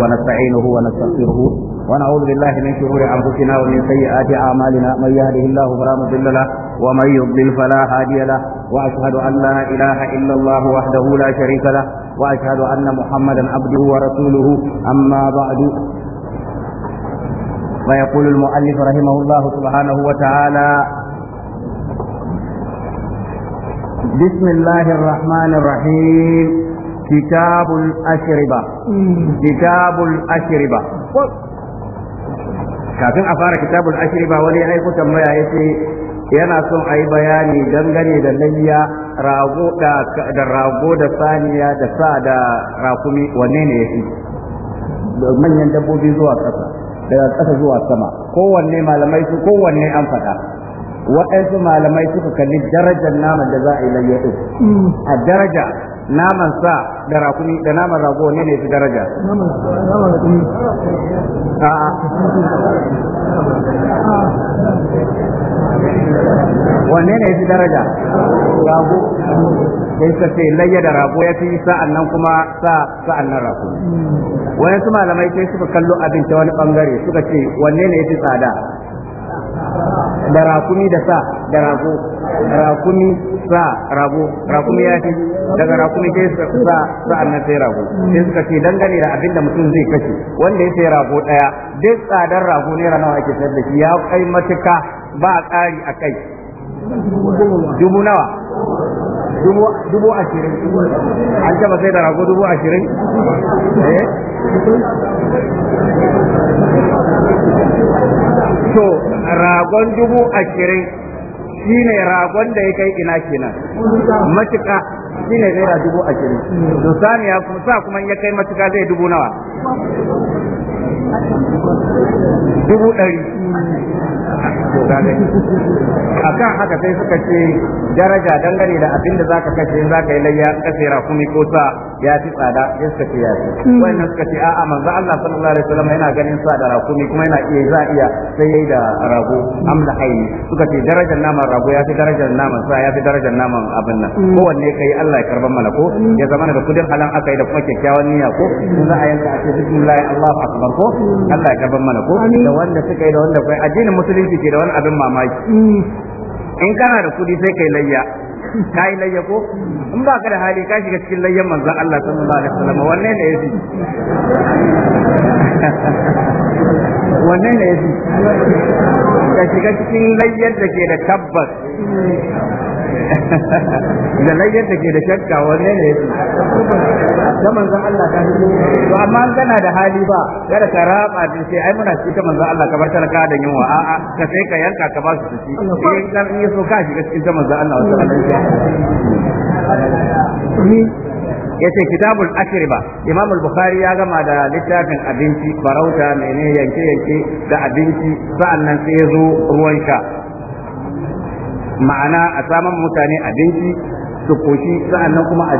ونستعينه ونستغفره ونعوذ بالله من شرور انفسنا ومن سيئات اعمالنا من يهده الله فلا مضل له ومن يضلل فلا هادي له واشهد ان لا اله الا الله وحده لا شريك له واشهد ان محمدا عبده ورسوله اما بعد ويقول المؤلف رحمه الله سبحانه وتعالى بسم الله الرحمن الرحيم kitabul ashriba kafin a fara kitabul ashriba wani ya aiko tambaya yace yana son a yi bayani dangane da layya rago da rago da saniya da sa da wanne ne yafi manyan dabbobi zuwa ƙasa daga ƙasa zuwa sama kowanne malamai su kowanne an faɗa waɗansu malamai suka kalli darajar naman da za a yi layyaɗin a daraja naman sa da rakumi da naman rago ne ne su daraja wanne ne fi daraja rago sai ka ce layya da rago ya fi sa'an nan kuma sa'an nan rago hmm. wani su malamai sai suka kallo abin ta wani bangare suka ce wanne ne ya fi tsada da rakumi da sa da rago rakumi sa rago rakumi ya ce daga rakumi sai sa sa'an nan sai rago sai suka ce dangane da abinda mutum zai kashe wanda ya sai rago daya duk tsadar rago ne nawa ake sayar da shi ya kai matuka ba tsari a kai dubu nawa dubu ashirin an taba sai da rago dubu ashirin eh? to ragon dubu ashirin shine ragon da ya kai ina kenan matuka shine naira dubu ashirin to ya kuma sa kuma ya kai matuka zai dubu nawa dubu ɗari a kan haka sai suka ce daraja dangane da abin da zaka kashe in zaka yi layya kashe kuma ko sa ya fi tsada ya suka ce ya fi mm. wannan suka ce a'a manzo Allah sallallahu alaihi wasallam yana ganin sa da rakumi kuma yana iya za iya sai yayi da rago amla hayi suka ce darajar naman rago ya fi darajar naman sa ya fi darajar naman abin nan mm. kowanne kai Allah ya karban mana ko mm. ya zama da kudin halan aka yi da kuma kyakkyawan niyya ko in za a yanka a ce bismillah Allahu akbar ko Allah ya gaban mana ko da wanda suka yi da wanda kai addinin musulunci ke da wani abin mamaki in kana da kudi sai kai layya kai layya ko in ba ka da hali ka shiga cikin layyan manzon Allah sallallahu alaihi wasallam wanne ne yafi wanne ne yafi ka shiga cikin layyar da ke da tabbas da layyar da ke da shakka wanne ne yake ta manzon Allah ta hudu to amma an kana da hali ba kada ka raba din sai ai muna shi ta manzon Allah kamar ka da yunwa a a ka sai ka yanka ka ba su su ci in kan yi so ka shiga cikin ta manzon Allah wa sallallahu yace kitabul ashriba imam al-bukhari ya gama da littafin abinci farauta menene yanke yanke da abinci sa'annan sai ya zo ruwan sha ma'ana a saman mutane abinci su koshi sa'annan kuma a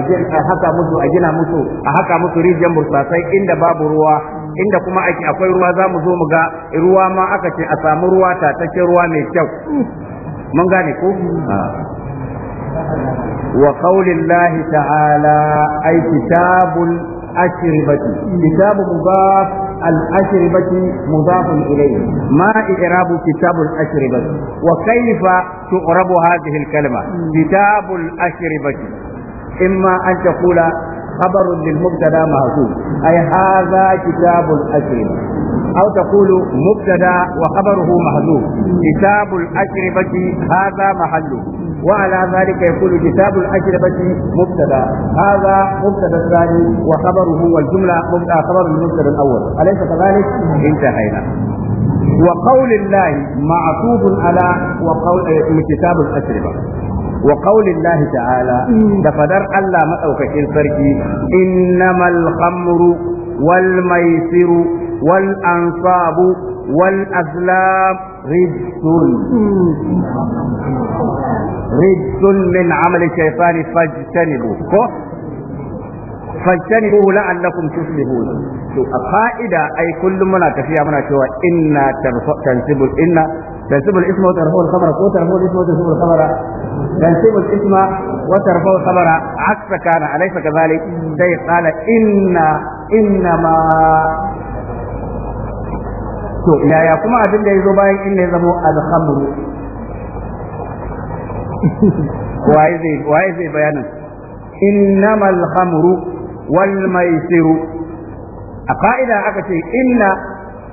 je a haka musu a gina musu a haka musu rijiyar mursasai inda babu ruwa inda kuma ake akwai ruwa za mu zo mu ga ruwa ma aka ce a samu ruwa tataccen ruwa mai kyau mun gane ko ah. wa qaulillahi ta'ala ay kitabul الأشربة كتاب مضاف الأشربة مضاف إليه ما إعراب كتاب الأشربة وكيف تعرب هذه الكلمة كتاب الأشربة إما أن تقول خبر للمبتدا محذوف أي هذا كتاب الأشربة أو تقول مبتدا وخبره محذوف كتاب الأشربة هذا محله وعلى ذلك يقول كتاب الأشربة مبتدا هذا مبتدا الثاني وخبره والجملة خبر المبتدا الأول أليس كذلك؟ انتهينا وقول الله معطوف على وقول آه، كتاب الأشربة wa qaulillahi ta'ala mm. da fadar Allah madaukakin sarki innamal khamru wal maisiru wal ansabu wal azlam rijsun mm. rijsun min amali shaytani fajtanibu ko fajtanibuhu la'allakum tuflihun to a fa'ida ai kullum muna tafiya muna cewa inna tansibu تنسب الاسم وترفع الخبر وترفع الاسم وترفع الخبر تنسب الاسم وترفع الخبر عكس كان عليك كذلك زي قال إن إنما تو يا يا كما أدنى يزوباين إن يزمو الخمر وعيزي وعيزي بيانا إنما الخمر والميسر قائدة أكتي إن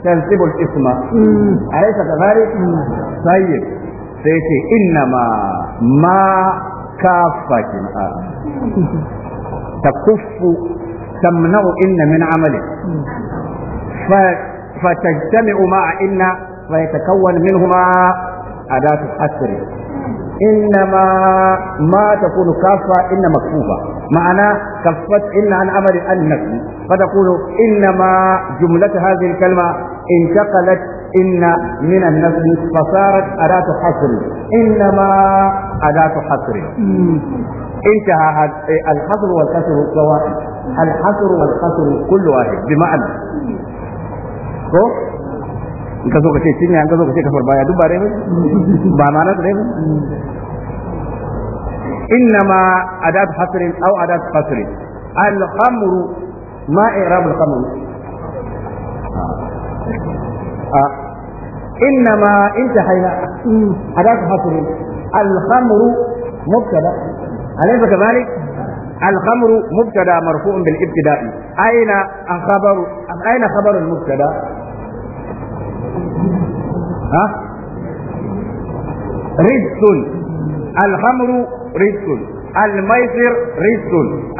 تنسب الاسم أليس كذلك؟ طيب سيتي إنما ما كافة تكف تمنع إن من عمله فتجتمع مع إن فيتكون منهما أداة الحسر إنما ما تكون كافة إن مكفوفة معنى كفت إن عن عمل النفي فتقول إنما جملة هذه الكلمة انتقلت إن من النفس فصارت أداة حصر إنما أداة حصر انتهى الحصر والقصر سواء الحصر والقصر كل واحد بمعنى in ka zo ka ce cinya in ka zo ka ce kafar baya duk إنما أداة حصر أو أداة حصر الخمر ما إعراب الخمر إنما انتهينا أداة حصر الخمر مبتدا أليس كذلك؟ الخمر مبتدا مرفوع بالابتداء أين خبر أين خبر المبتدا؟ ها؟ رزق الخمر رزق الميسر رجس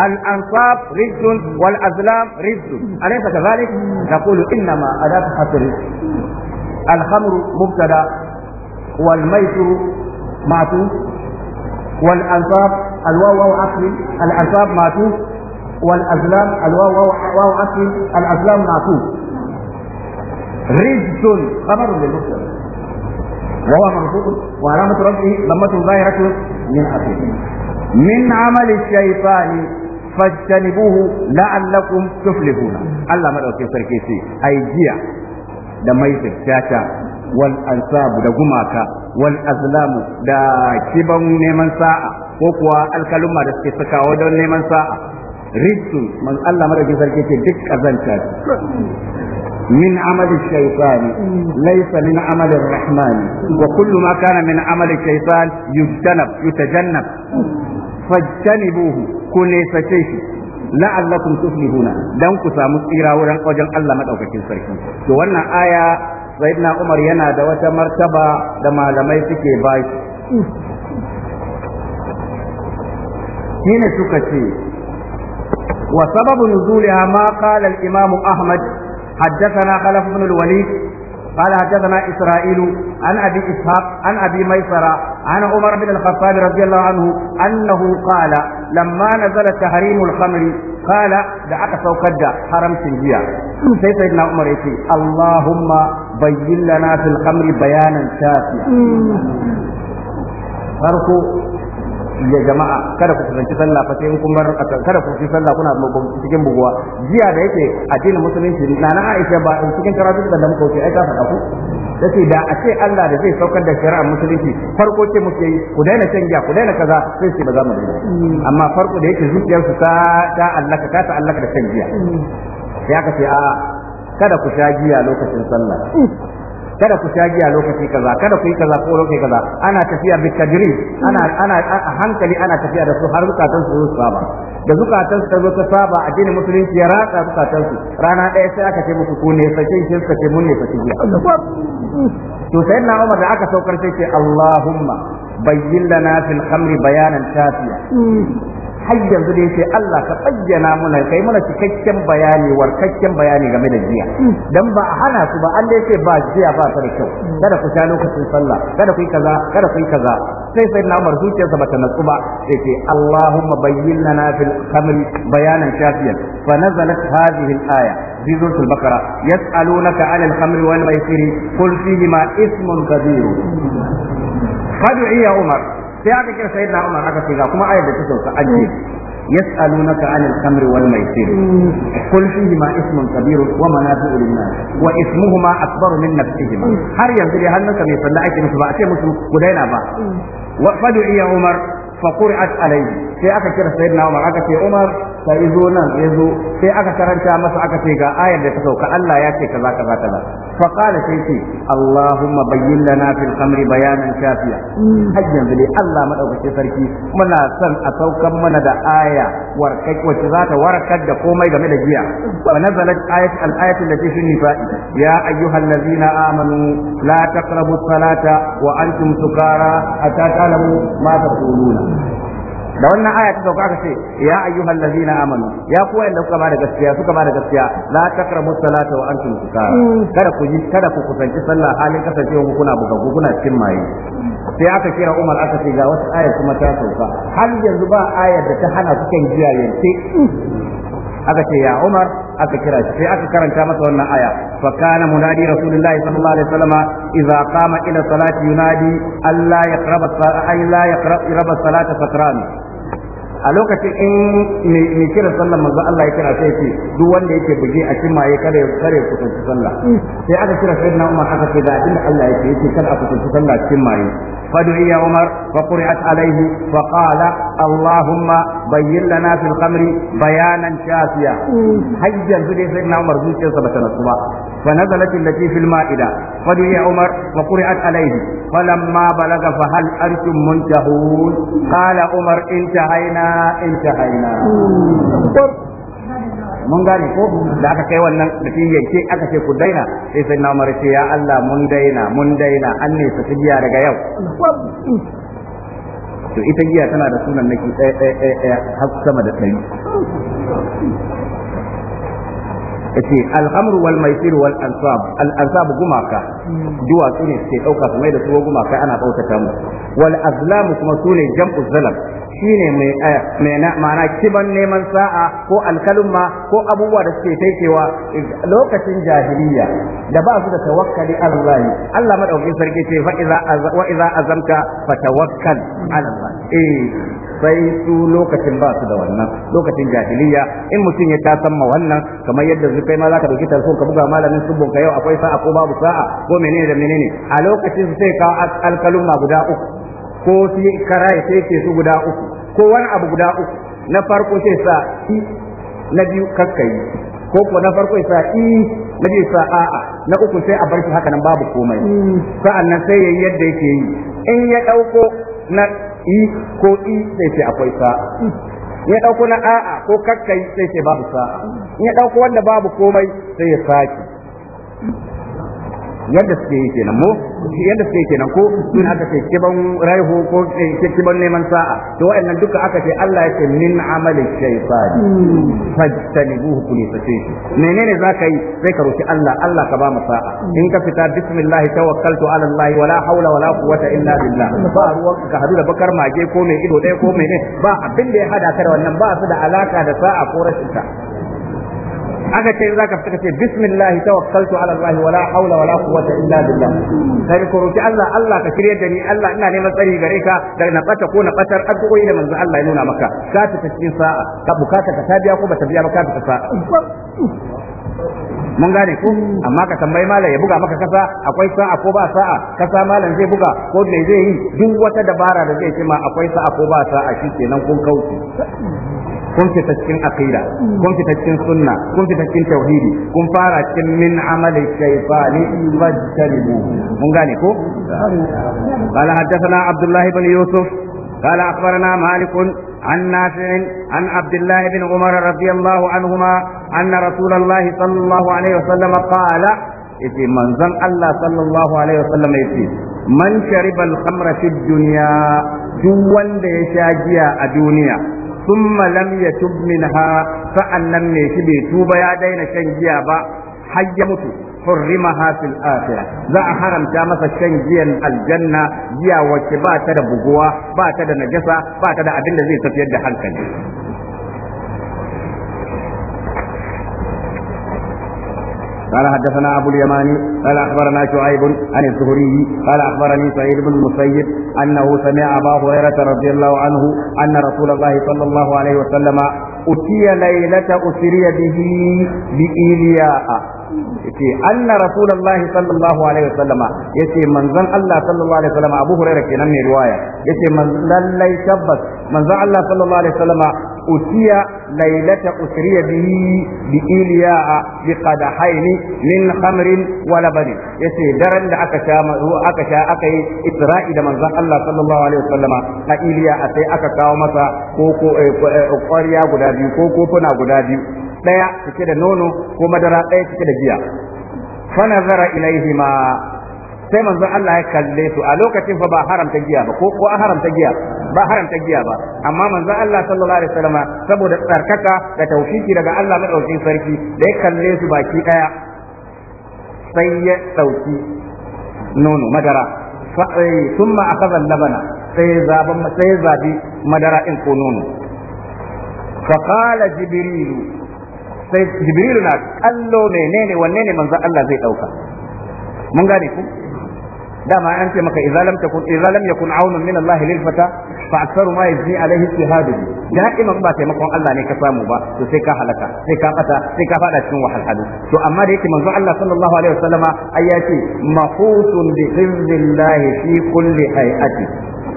الأنصاب رجس والأزلام رجس أليس كذلك؟ نقول إنما أداة حصر الخمر مبتدا والميسر ماتو والأنصاب الواو واو اصل الأنصاب ماتو والأزلام الواو واو اصل الأزلام ماتو رجس خمر للمبتدا وهو مرفوض وعلامة رفعه ضمة ظاهرة من أصله min amali shaytani fajtanibuhu la'allakum tuflihuna Allah madaukakin sarki ce ai jiya da mai tata wal ansabu da gumaka wal azlamu da kiban neman sa'a ko kuwa alkaluma da suke sakawa don neman sa'a rijsun man Allah madaukakin sarki ce duk kazanta من عمل الشيطان ليس من عمل الرحمن وكل ما كان من عمل الشيطان يجتنب يتجنب فاجتنبوه كن فتيه la'allakum tuflihuna dan ku samu tsira wurin wajen Allah madaukakin sarki to wannan aya sayyidina Umar yana da wata martaba da malamai suke ba shi shine suka ce wa sababu nuzuliha ma qala al Ahmad حدثنا خلف بن الوليد قال حدثنا إسرائيل عن أبي إسحاق عن أبي ميسرة عن عمر بن الخطاب رضي الله عنه أنه قال لما نزل تحريم الخمر قال دعك سوكدا حرم سنجيا sai sayyidina Umar yace Allahumma bayyin lana fil khamri bayanan shafiya farko ya jama'a kada ku kusanci sallah fa sai kun bar kada ku kusanci sallah kuna cikin buguwa jiya da yake addinin musulunci na na Aisha ba cikin karatu da muka wuce ai ta faɗa ku dace da a ce Allah da zai saukar da shari'ar musulunci farko ce muke yi ku daina canja ku daina kaza sai ce ba za mu daina amma farko da yake zuciyarsu ta ta Allah ka ta Allah da canjiya ya ka ce a kada ku sha giya lokacin sallah kada ku sha giya lokaci kaza kada ku yi kaza ko lokaci kaza ana tafiya bi tajrib ana ana a hankali ana tafiya da su har zukatan su su saba da zukatan su zo ta saba addinin musulunci ya ratsa zukatan su rana ɗaya sai aka ce muku ku ne sai kin suka ce mun ne sakin giya to na Umar da aka saukar sai ce Allahumma bayyin lana fil khamri bayanan shafiya har yanzu da yace Allah ka bayyana muna kai mana cikakken bayani warkakken bayani game da jiya mm. dan ba a hana su ba Allah yace ba jiya ba ta da kyau mm. kada ku sha lokacin sallah kada ku yi kaza kada ku yi kaza sai sai na zuciyarsa bata natsu ba yace Allahumma bayyin lana fil khamri bayanan shafiyan fa nazalat hadhihi al-aya في سورة البقرة يسألونك عن الخمر والميسر قل فيهما اسم كبير فدعي عمر sai aka kira sai na umar aka shiga kuma ayar da ta Ya an ce yas'alunaka 'anil khamri wal maisir qul fihi ma ismun kabir wa manafi'u lin nas wa ismuhuma akbar min nafsihima har yanzu dai hannunka mai sanda ake musu ba a ce musu ku daina ba wa fadu iya umar fa qur'at alayhi sai aka kira sai na umar aka ce umar sai zo nan sai zo sai aka karanta masa aka ce ga ayar da ta sauka Allah ya ce kaza kaza kaza فقال سيتي اللهم بين لنا في الخمر بيانا شافيا حجا بلي الله ما دوك سركي منا سن اتوكم منا دا آية وركك وشذات وركك دا قومي دا مدجيا ونزلت آية الآية التي في النفاء يا أيها الذين آمنوا لا تقربوا الصلاة وأنتم سكارى حتى تعلموا ما تقولون da wannan aya ta sauka aka ce ya ayyuhal ladzina amanu ya ku wanda kuka bada gaskiya suka bada gaskiya la takramu salata wa antum sukara kada ku yi kada ku kusanci sallah halin kasancewa ku kuna bugaggu kuna cikin maye sai aka kira Umar aka ce ga wata aya kuma ta sauka har yanzu ba aya da ta hana su kan giya sai aka ce ya Umar aka kira shi sai aka karanta masa wannan aya fa kana munadi rasulullahi sallallahu alaihi wasallam idza qama ila salati yunadi alla yaqrab ay la yaqrab salata sakran a lokacin in mai kira sallah manzo Allah ya kira sai ce duk wanda yake buje a cima ya kare kare kusan sallah sai aka kira sayyidina Umar aka ce ga din Allah yake yake kar a kusan sallah cikin mai fadu'i ya Umar fa qur'at alaihi fa Allahuma Allahumma bayyin lana fil khamri bayanan shafiya mm. hajjan dai sayyidina Umar zuciyarsa bata nasu ba فنزلت التي في المائدة فدعي عمر وقرأت عليه فلما بلغ فهل أنتم منتهون قال عمر انتهينا انتهينا mun gane ko da aka kai wannan da shi yanke aka ce ku daina sai sai na umar ce ya Allah mun daina mun daina an ne su giya daga yau to ita giya tana da sunan naki ɗaya ɗaya ɗaya har sama da ɗari yace alhamru wal maisir wal ansab al-ansab gumaka duwatsu ne suke dauka su mai da su gumaka ana bautata mu wal azlam kuma sune jam'u zalam shine mai eh, mai ma'ana kiban neman sa'a ko alkalumma ko abubuwa da suke taikewa lokacin jahiliya da ba su da tawakkali Allah Allah madaukakin sarki ce fa iza wa iza azamta fatawakkal ala Allah eh sai su lokacin ba su da wannan lokacin jahiliya in mutum ya tasan ma wannan kamar yadda zai kai ma zaka dauki tarso ka buga malamin subun ka yau akwai sa'a ko babu sa'a ko menene da menene a lokacin su sai kawo alkalun ma guda uku ko sai karai sai ke su guda uku ko wani abu guda uku na farko sai sa i na biyu kakkayi ko ko na farko sa i na biyu sa a'a na uku sai a bar shi haka nan babu komai mm. sa'an nan sai yayi yadda yake yi in ya dauko na i ko i sai sai akwai sa'a ya dauko na a'a ko kakkai sai sai babu sa'a ya dauko wanda babu komai sai ya saki yadda suke yi kenan mu yadda suke yi kenan ko in aka ce kiban raihu ko kiban neman sa'a to wa'annan duka aka ce Allah ya ce min amali shaytan fajtanibuhu kuni sace menene zaka yi sai ka roki Allah Allah ka ba mu sa'a in ka fita bismillah tawakkaltu ala Allah wala haula wala quwwata illa billah ba ruwan ka hadu da bakar mage ko mai ido ɗaya ko mai ne ba abin da ya hada ka da wannan ba su da alaka da sa'a ko rashin ta aka ce za ka fita ce bismillah tawakkaltu ala allah wala haula wala quwwata illa billah sai ko roki allah allah ka kire da ni allah ina neman tsari gare ka daga na bata ko na batar addu'o'i da manzo allah ya nuna maka ka ta cikin sa'a ka bukata ka ta ko bata biya ba ka ta sa'a mun gane ko amma ka tambayi malam ya buga maka kasa akwai sa'a ko ba sa'a kasa malam zai buga ko me zai yi duk wata dabara da zai ce ma akwai sa'a ko ba sa'a shi kenan kun kauce kun fita cikin aqida kun fita cikin sunna kun fita cikin tauhidi kun fara cikin min amali shaytani fajtanibu mun gane ko قال حدثنا عبد الله بن قال اخبرنا مالك عن نافع عن عبد الله بن عمر رضي الله عنهما ان رسول الله صلى الله عليه وسلم قال yace manzon Allah sallallahu alaihi wasallam yace man shariba al-khamra fi dunya duk wanda ya sha giya a duniya thumma lam yatub minha sa'annan me shi bai tuba ya daina shan giya ba har ya mutu hurrimaha mahafin akhirah za a haramta masa shan giyan aljanna giya wacce ba ta da buguwa ba ta da najasa ba ta da abin da zai tafiyar da hankali قال حدثنا na اليماني قال أخبرنا شعيب عن الزهري قال أخبرني سعيد بن المسيب أنه سمع أبا هريرة رضي الله عنه أن رسول الله صلى الله عليه وسلم أتي ليلة أسري به بإيلياء yace anna rasulullahi sallallahu alaihi wasallama yace manzon Allah sallallahu alaihi wasallama Abu Hurairah kenan mai riwaya yace manzon lallai tabbas manzon Allah sallallahu alaihi wasallama أتي ليلة أسري به بإلياء بقدحين من خمر ولبن يسي درن دا أكشا أكشا أكي إسراء إذا من الله صلى الله عليه وسلم إلياء أتي أكشا ومسا كوكو قريا قدادي كوكو فنا قدادي ɗaya cike da nono ko madara ɗaya cike da giya fa nazara ilaihima sai manzon Allah ya kalle su a lokacin fa ba haramta giya ba ko ko an haramta giya ba haramta giya ba amma manzo Allah sallallahu alaihi wasallama saboda tsarkaka da tawfiki daga Allah madaukakin sarki da ya kalle su baki daya sai ya dauki nono madara fa eh, thumma akhadha labana sai zaban sai zabi madara in ko nono fa qala jibril sai jibril na kallo menene wanne ne manzo Allah zai dauka mun gane ku dama an ce maka idza lam takun idza lam yakun aunun min Allah lil fata fa aktsaru ma yazni alaihi ba taimakon Allah ne ka samu ba sai ka halaka sai ka bata sai ka fada cikin wahalhalu to amma da yake manzo Allah sallallahu alaihi wasallama ai ya ce mahutun bi hizbillahi fi kulli hay'ati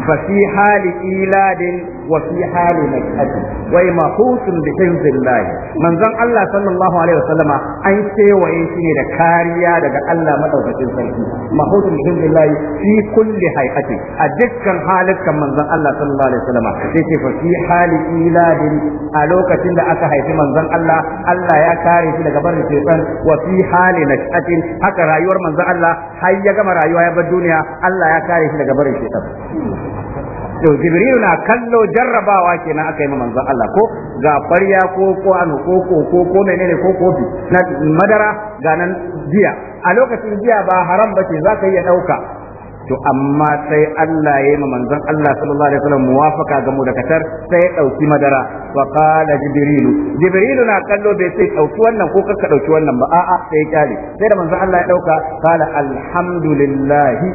fa fi hali iladin وفي حال نكهته ومحوس بحفظ الله من زن الله صلى الله عليه وسلم أن سيوي سنة كاريا دقى الله مدوكة سيكي محوس بحفظ الله في كل حيئته أدكا حالك من زن الله صلى الله عليه وسلم في حال إيلاد ألوكة لأكا حيث من زن الله الله يا كاري في لقبر الشيطان وفي حال نكهته haka rayuwar manzo Allah har ya gama rayuwa ya bar duniya Allah ya kare shi daga barin shaitan to jibril na kallo jarrabawa kenan aka yi ma manzon Allah ko ga ƙwarya ko ko an ko ko ko ko menene ko kofi na madara ga nan jiya a lokacin jiya ba haram bace za ka iya ɗauka to amma sai Allah ya yi ma manzon Allah sallallahu alaihi wasallam muwafaka ga mu da katar sai ya dauki madara wa qala jibril jibril na kallo bai sai dauki wannan ko ka dauki wannan ba a'a sai ya kyale sai da manzon Allah ya dauka qala alhamdulillahi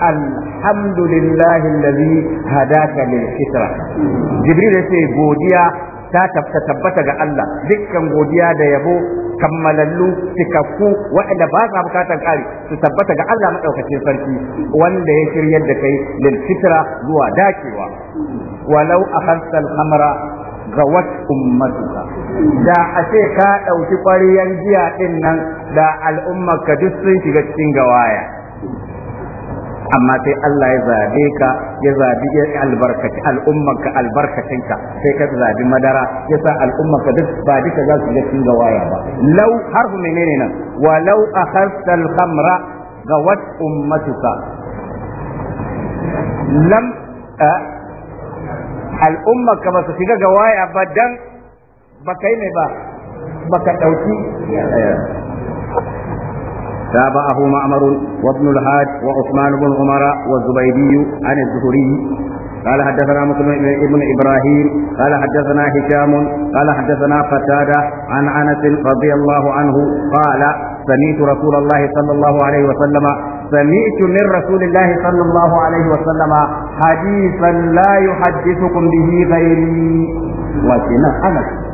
alhamdulillahi allazi hadaka lil fitra jibril yace godiya ta tabbata ga Allah dukkan godiya da yabo kammalallu cikakku waɗanda ba sa bukatar ƙari su tabbata ga Allah maɗaukacin sarki wanda ya shiryar da kai lil fitra zuwa dakewa walau akhadta hamara ga gawat ummatuka da a ce ka ɗauki ƙwariyar giya ɗin nan da al'ummar ka duk sun shiga cikin gawaya amma sai Allah ya zabe ka ya zabi albarkaci al'ummarka albarkacinka sai ka zabi madara ya sa al'ummarka duk ba duka za su ga cin gawaya ba lau har harfu menene nan lau akhadta al-khamra gawat ummatuka lam al'ummarka ba su shiga ga waya ba dan ba kai ne ba baka dauki تابعه معمر وابن الهاج وعثمان بن عمر والزبيدي عن الزهري قال حدثنا مسلم بن ابراهيم قال حدثنا هشام قال حدثنا قتاده عن انس رضي الله عنه قال سمعت رسول الله صلى الله عليه وسلم سمعت من رسول الله صلى الله عليه وسلم حديثا لا يحدثكم به غيري وكنا انس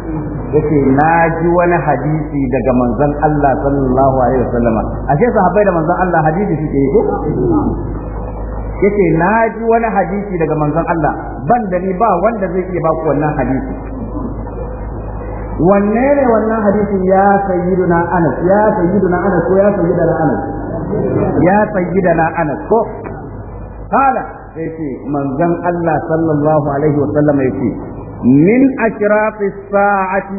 yace na ji wani hadisi daga manzon Allah sallallahu alaihi wasallama ashe sahabbai da manzon Allah hadisi suke yi yace na ji wani hadisi daga manzon Allah ban da ni ba wanda zai iya baku wannan hadisi wanne ne wannan hadisi ya sayyiduna Anas ya sayyiduna Anas ko ya sayyidana Anas ya sayyidana Anas ko kala yace manzon Allah sallallahu alaihi wasallam yace من أشراط الساعة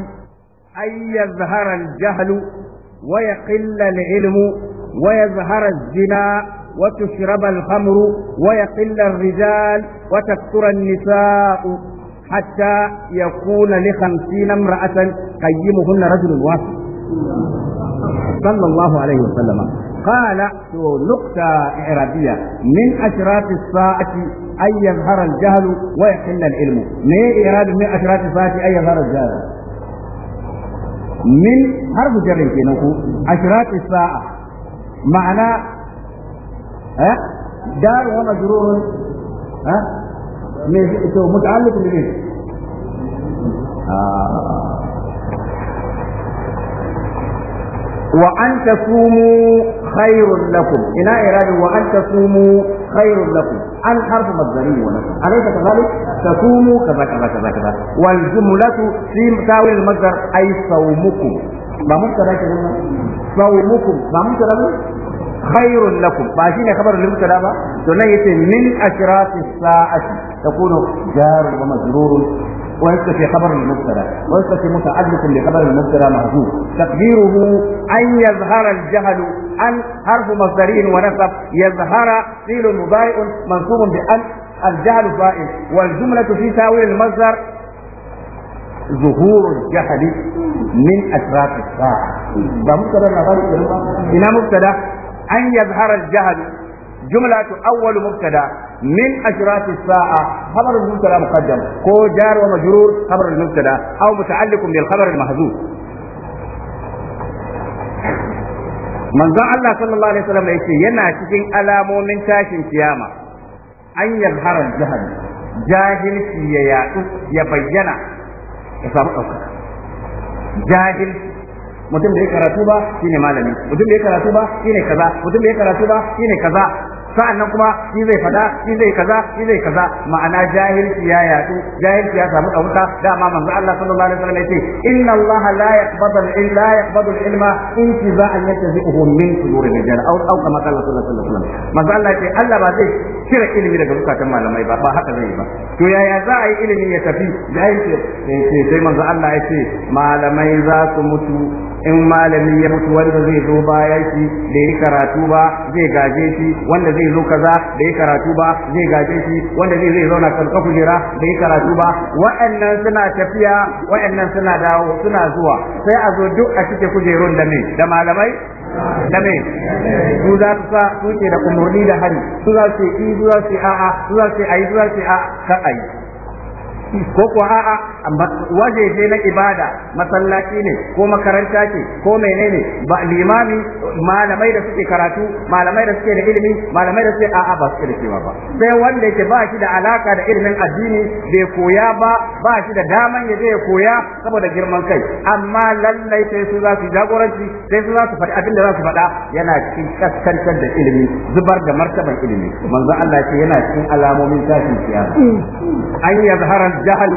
أن يظهر الجهل ويقل العلم ويظهر الزنا وتشرب الخمر ويقل الرجال وتكثر النساء حتى يكون لخمسين امرأة قيمهن رجل واحد صلى الله عليه وسلم قال نقطة إعرابية من أشراط الساعة أن يظهر الجهل ويحل العلم ما إعراب من أشراط الساعة أن يظهر الجهل من حرف جر كنكو أشراط الساعة معنى أه؟ دار ومجرور أه؟ متعلق بإيه آه. wa an tasumu khairun ina iradin wa an tasumu khairun an harfu mazdari wa lakum alaysa kadhalik tasumu kaza kaza kaza kaza wal jumlatu fi tawil ba mun kada ke nan sawmukum ba mun kada ba khairun lakum ba shine kabar nan yace min ashrati sa'ati ويستفي خبر المبتدا ويستفي متعلق بخبر المبتدا محذوف تقديره أن يظهر الجهل أن حرف مصدري ونسب يظهر فعل مضارع منصوب بأن الجهل فائل والجملة في تاويل المصدر ظهور الجهل من أشراط الساعة ده مبتدا هنا مبتدا أن يظهر الجهل جملة أول مبتدا من أشراط الساعة خبر المبتدا مقدم كو جار ومجرور خبر المبتدا أو متعلق بالخبر المحذوف manzon Allah sallallahu alaihi wasallam yace yana cikin alamomin tashin kiyama an yazhara jahal jahilci ya yadu ya bayyana ya samu ɗaukaka mutum da ya karatu ba shine malami mutum da ya karatu ba shine kaza mutum da ya karatu ba shine kaza sa'annan kuma shi zai fada shi zai kaza shi zai kaza ma'ana jahilci ya yadu jahilci ya samu dauka dama manzo Allah sallallahu alaihi wasallam yace inna Allah la yaqbadu illa la yaqbadu ilma intiza'an yatazihu min sudur rijal aw aw kama qala sallallahu alaihi wasallam manzo Allah yace Allah ba zai cire ilimi daga bukatan malamai ba ba haka zai ba to yaya za a yi ilimi ya tafi ya yi ce sai manzo Allah ya ce malamai za su mutu in malami ya mutu wanda zai zo bayan shi da yi karatu ba zai gaje shi wanda zai zo kaza da yi karatu ba zai gaje shi wanda zai zai zauna kan kujera da yi karatu ba wa'annan suna tafiya wa'annan suna dawo suna zuwa sai a zo duk a cike kujerun da ne da malamai dame su za su sa su ke da umarni da hari su za su yi su za su yi a'a su za su yi ayi su za su yi a'a kar ayi ko ko a'a wajeje na ibada masallaci ne ko makaranta ce ko menene ba limami malamai da suke karatu malamai da suke da ilimi malamai da suke a'a ba suke da cewa ba sai wanda yake ba shi da alaka da ilimin addini bai koya ba ba shi da daman ya je ya koya saboda girman kai amma lallai sai su za su jagoranci sai su za su faɗi abin da za su faɗa yana cikin kaskantar da ilimi zubar da martaban ilimi manzo Allah ce yana cikin alamomin tashin kiyama an yazhara jahl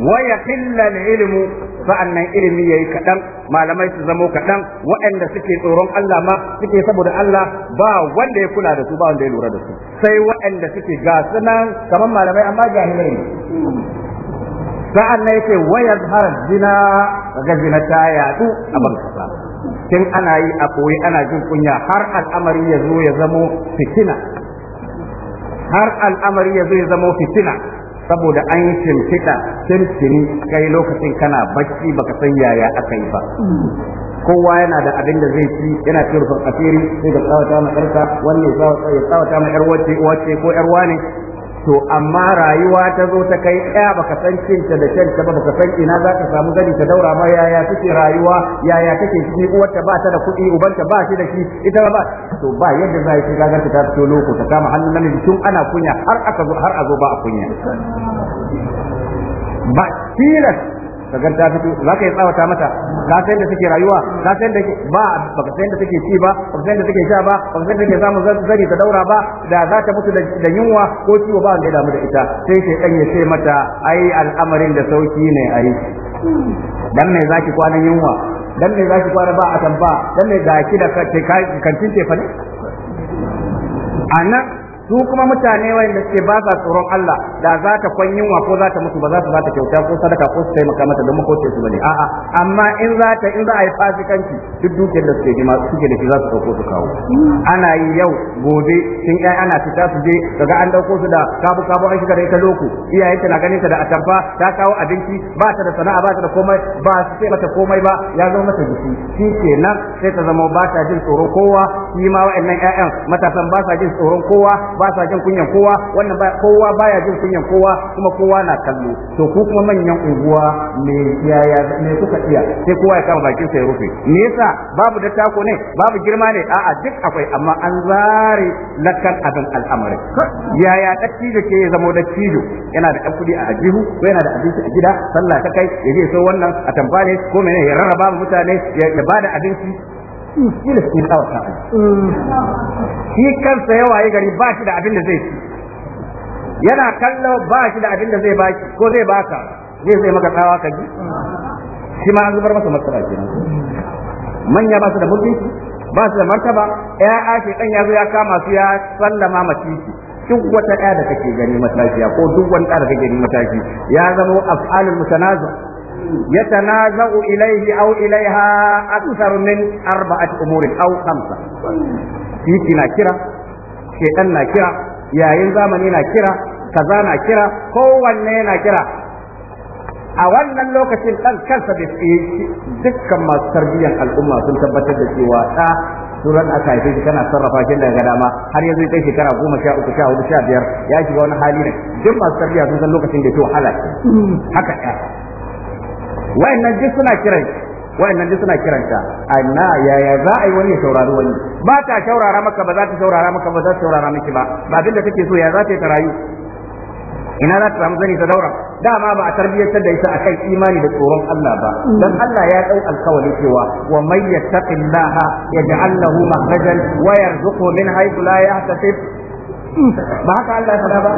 wa yaqilla al-ilmu sa'annan ilimi yayi kadan malamai su zamo kaɗan, waɗanda suke tsoron Allah ma suke saboda Allah ba wanda ya kula da su ba wanda ya lura da su sai waɗanda suke ga sunan kamar malamai amma jahilai ne sa'annan yake wa yazhar zina ga zina ta yadu a bankasa tun ana yi a koyi ana jin kunya har al'amari ya zo zamo fitina har al'amari ya zo ya zamo fitina saboda an yi shimfiɗa shimfini kai lokacin kana bacci baka san yaya aka yi ba kowa yana da abin da zai ci yana cin rufin asiri sai da tsawata ma ƴarka ya tsawata ma ƴar wacce ko ƴar wane to amma rayuwa ta zo ta kai ɗaya baka san cinta da kanta ba baka san ina za ka samu gani ta daura ma yaya take rayuwa yaya take ciki uwarta ba ta da kuɗi ubanta ba shi da shi ita ba to ba yadda za ki ganta ta fito loko ta kama hannun namiji tun ana kunya har aka zo har a zo ba a kunya ba tilas kaga ta fito za ka yi tsawata mata ka san da take rayuwa ka san da ba baka san da take ci ba ka san da take sha ba ka san da take samu zari ta daura ba da za ta mutu da yunwa ko ciwo ba wanda ya damu da ita sai sai dan ya ce mata ai al'amarin da sauki ne a yi dan me zaki kwana yunwa dan me zaki kwana ba a tamba dan me ki da kantin tefa ne anan su kuma mutane wanda suke ba tsoron Allah da za ta kwan yunwa ko za ta mutu ba za su za ta kyauta ko sadaka ko su taimaka mata don makoce su bane a'a amma in za ta in za a yi fasikanci duk dukiyar da suke jima suke da shi za su dauko su kawo ana yi yau gobe sun kai ana fita su je daga an dauko su da kabu kabu an shiga da ita loku iyaye ta na ganin ta da atamfa ta kawo abinci ba ta da sana'a ba ta da komai ba su ce mata komai ba ya zama mata jiki shi nan sai ta zama ba ta jin tsoron kowa shi ma wa'annan ƴaƴan matasan ba sa jin tsoron kowa ba sa jin kunyan kowa wannan kowa baya jin kunyan kowa kuma kowa na kallo to ku kuma manyan unguwa me yaya me kuka iya sai kowa ya kama bakin sa ya rufe me yasa babu dattako ne babu girma ne a'a duk akwai amma an zare lakan abin al'amari yaya dattijo ke zama dattijo yana da ɗan kuɗi a ajihu ko yana da abinci a gida sallah ta kai ya je so wannan a tambane ko mene ya rarraba mutane ya bada abinci ilis ne shi kansa gari ba shi da abin da zai ci yana kallo ba shi da abin da zai baki ko zai baka zai zai maka tsawa ka ji shi ma an zubar masa matsala kenan manya ba su da mutunci ba su da martaba ya ce dan ya zo ya kama su ya sallama maciji duk wata ɗaya da kake gani matashiya ko duk wani ɗaya da kake gani matashi ya zama af'alul mutanazi yatanaza'u ilayhi aw ilayha akthar min arba'ati umurin aw khamsa shi na kira shedan na kira yayin zamani na kira kaza na kira kowanne na kira a wannan lokacin ɗan kansa da dukkan masu tarbiyyar al'umma sun tabbatar da cewa ɗa turan aka haife shi kana sarrafa shi daga dama har yanzu kai shekara goma sha uku sha hudu sha biyar ya shiga wani hali ne duk masu tarbiyya sun san lokacin da ya wahala haka ɗaya wayannan duk suna kiran wayannan duk suna kiranta anna yaya za a yi wani ya saurari wani ba ta saurara maka ba za ta saurara maka ba za ta saurara miki ba ba abin da take so ya za ta yi ta rayu ina za ta samu zani ta daura dama ba a tarbiyyantar da ita akan imani da tsoron Allah ba dan Allah ya dau alkawari cewa wa may yattaqillaha yaj'al lahu makhrajan wa yarzuqhu min haythu la yahtasib hmm. ba haka Allah ya faɗa ba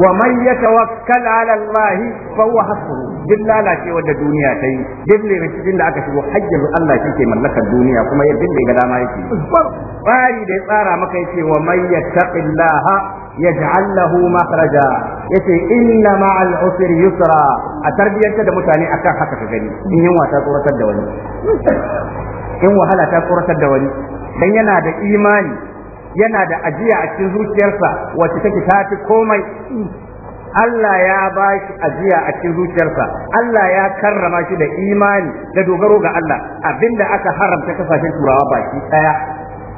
wa man yatawakkal ala Allah fa huwa hasbuhu duk lalacewa da duniya ta yi duk rikicin da aka shigo hajjar Allah ke mallakar duniya kuma ya dinga ga dama yake tsari da ya tsara maka yace wa man yattaqillaha yaj'al lahu makhraja yace inna ma'al usri yusra a tarbiyyar da mutane akan haka ka gani in yunwa ta tsoratar da wahala ta tsoratar da wani dan yana da imani yana da ajiya a cikin zuciyarsa wacce take tafi komai Allah ya ba shi ajiya a cikin zuciyarsa Allah ya karrama shi da imani da dogaro ga Allah abinda aka haramta kasashen turawa baki daya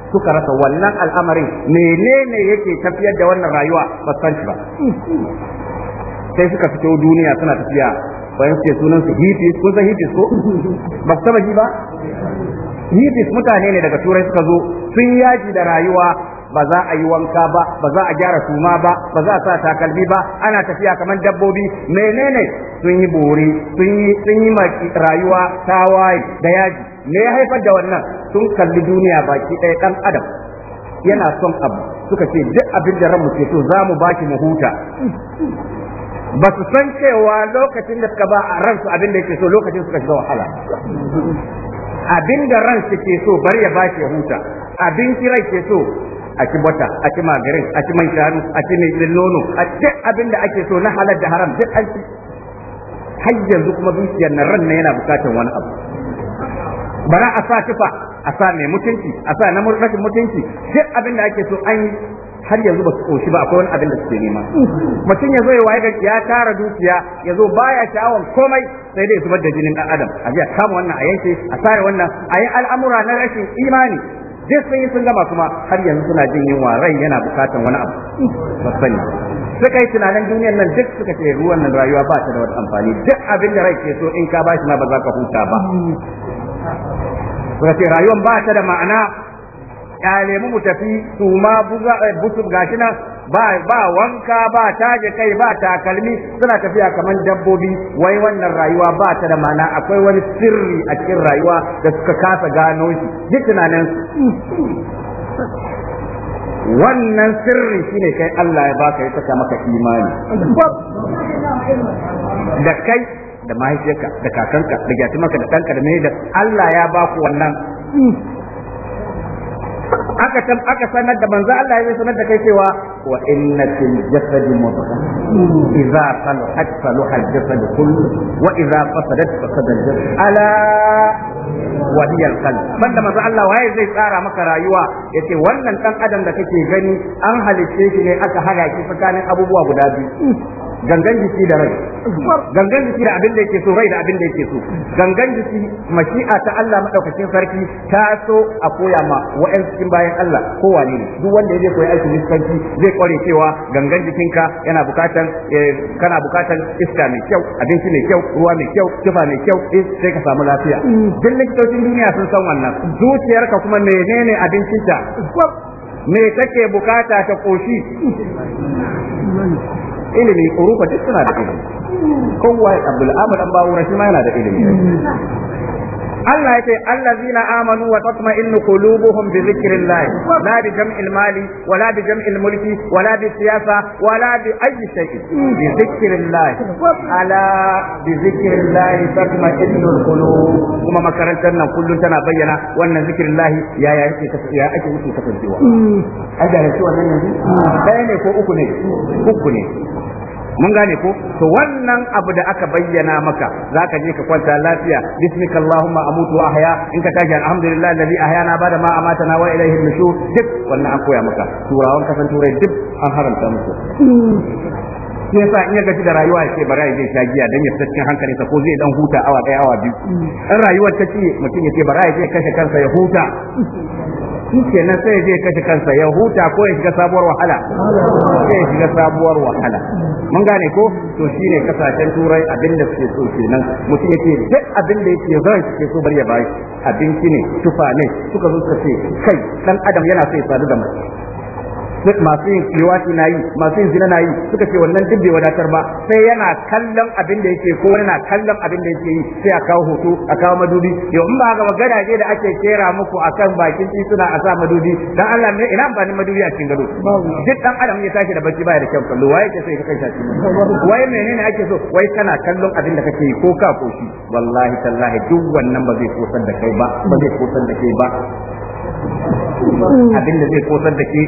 suka rasa wannan al'amarin menene yake tafiyar da wannan rayuwa ba san shi ba sai suka fito duniya suna tafiya bayan ce sunan su hippies kun san hippies ko ba su taba shi ba hipis mutane ne daga turai suka zo sun yaji da rayuwa ba za a yi wanka ba ba za a gyara suma ba ba za a sa takalmi ba ana tafiya kamar dabbobi menene sun yi bore sun yi sun yi rayuwa tawaye da yaji me ya haifar da wannan sun kalli duniya baki ɗaya ɗan adam yana son abu suka ce duk abin da ranmu ce to za mu baki mu huta ba su san cewa lokacin da suka ba a ransu abin da yake so lokacin suka shiga wahala Abin da ran ke so bar ya ba ya huta abin kirai ke so a ci bota a ci magarin a ci man a ci mai nono a ce abin abinda ake so na halar da haram duk an ci har yanzu kuma zuciyar na ran yana bukatan wani abu bara a sa kifa a sa mai mutunci a sa na rashin mutunci duk abin da ake so an yi har yanzu ba su koshi ba akwai wani abin da suke nema mutum ya zo ya waye ya tara dukiya ya zo baya sha'awar komai sai dai zubar da jinin dan adam a biya kama wannan a yanke a sare wannan a yi al'amura na rashin imani duk sun yi sun gama kuma har yanzu suna jin yunwa rai yana bukatan wani abu ba suka yi tunanin duniyar nan duk suka ce ruwan nan rayuwa ba ta da wata amfani duk abin da rai ke so in ka ba shi ma ba za ka huta ba kuka ce rayuwar ba ta da ma'ana kyale mu tafi su ma busu gashi nan ba wanka ba taje kai ba takalmi suna tafiya kamar dabbobi wai wannan rayuwa ba ta da ma'ana akwai wani sirri a cikin rayuwa da suka kasa gano shi duk tunanin wannan sirri shine kai Allah ya baka ya saka maka imani da kai da mahaifiyarka da kakanka da gyatimarka da ɗanka da mai da Allah ya ba ku wannan aka san aka sanar da manzo Allah ya sanar da kai cewa wa inna fil jasad mudghah idza salahat salaha al jasad kullu wa idza fasadat fasada al jasad ala wa hiya al qalb banda manzo Allah waye zai tsara maka rayuwa yace wannan dan adam da kake gani an halicce shi ne aka haga shi tsakanin abubuwa guda biyu gangan jiki da rai gangan jiki da abin da yake so rai da abin da yake so gangan jiki mashi'a ta Allah madaukakin sarki ta so a koya ma wa'an cikin bayan Allah ko wani ne duk wanda yake koyi aikin sarki zai kware cewa gangan jikinka yana bukatan eh, kana bukatan iska mai kyau abinci mai kyau ruwa mai kyau kifa mai kyau eh, sai ka samu lafiya duk likitocin duniya sun san wannan zuciyarka kuma menene abincin ta? me kake bukata ta koshi ilimi kurufa duk suna da ilimi kowa abdul amr an bawo shi ma yana da ilimi Allah yake allazina amanu wa tatma'innu qulubuhum bi dhikrillah la bi jam'il mali wa la bi jam'il mulki wa la bi siyasa wa la bi ayyi shay'in bi dhikrillah ala bi dhikrillah tatma'innu qulub kuma makarantar nan kullun tana bayyana wannan dhikrillah ya ya yake tafiya ake wuce kasancewa hmm. ai da rasuwa nan ne ɗaya ne ko uku ne uku ne mun gane ko to wannan abu da aka bayyana maka zaka je ka kwanta lafiya bismika allahumma amutu wa ahya in ka tashi alhamdulillah alladhi ahyana bada ma na wa ilayhi nushur duk wannan an koya maka turawan kasan turai duk an haramta musu shi yasa in ya gaji da rayuwa ya ce bara ya je sha giya dan ya fita cikin hankali sa ko zai dan huta awa daya awa biyu in rayuwar ta ce mutum ya ce bara ya je kashe kansa ya huta shi kenan sai zai kashe kansa ya huta ko ya shiga sabuwar wahala sai ya shiga sabuwar wahala mun gane ko to shine kasashen turai abinda da suke so kenan mutum yake duk abin da yake zai suke so bari ya bayi abinci ne tufa ne suka zo suka ce kai dan adam yana so ya sadu da mace masu yin liwati na yi masu yin zina na yi suka ce wannan duk bai wadatar ba sai yana kallon abin da yake ko yana kallon abin da yake yi sai a kawo hoto a kawo madubi yau in ba ga ba gadaje da ake kera muku akan bakin tituna a sa madubi dan Allah ne ina amfani madubi a cikin gado duk dan adam ya tashi da bacci baya da kyau kallo waye ke sai ka kai shi waye menene ake so wai kana kallon abin da kake yi ko ka koshi wallahi tallahi duk wannan ba zai kosar da kai ba ba zai kosar da kai ba abin da zai kosar da ke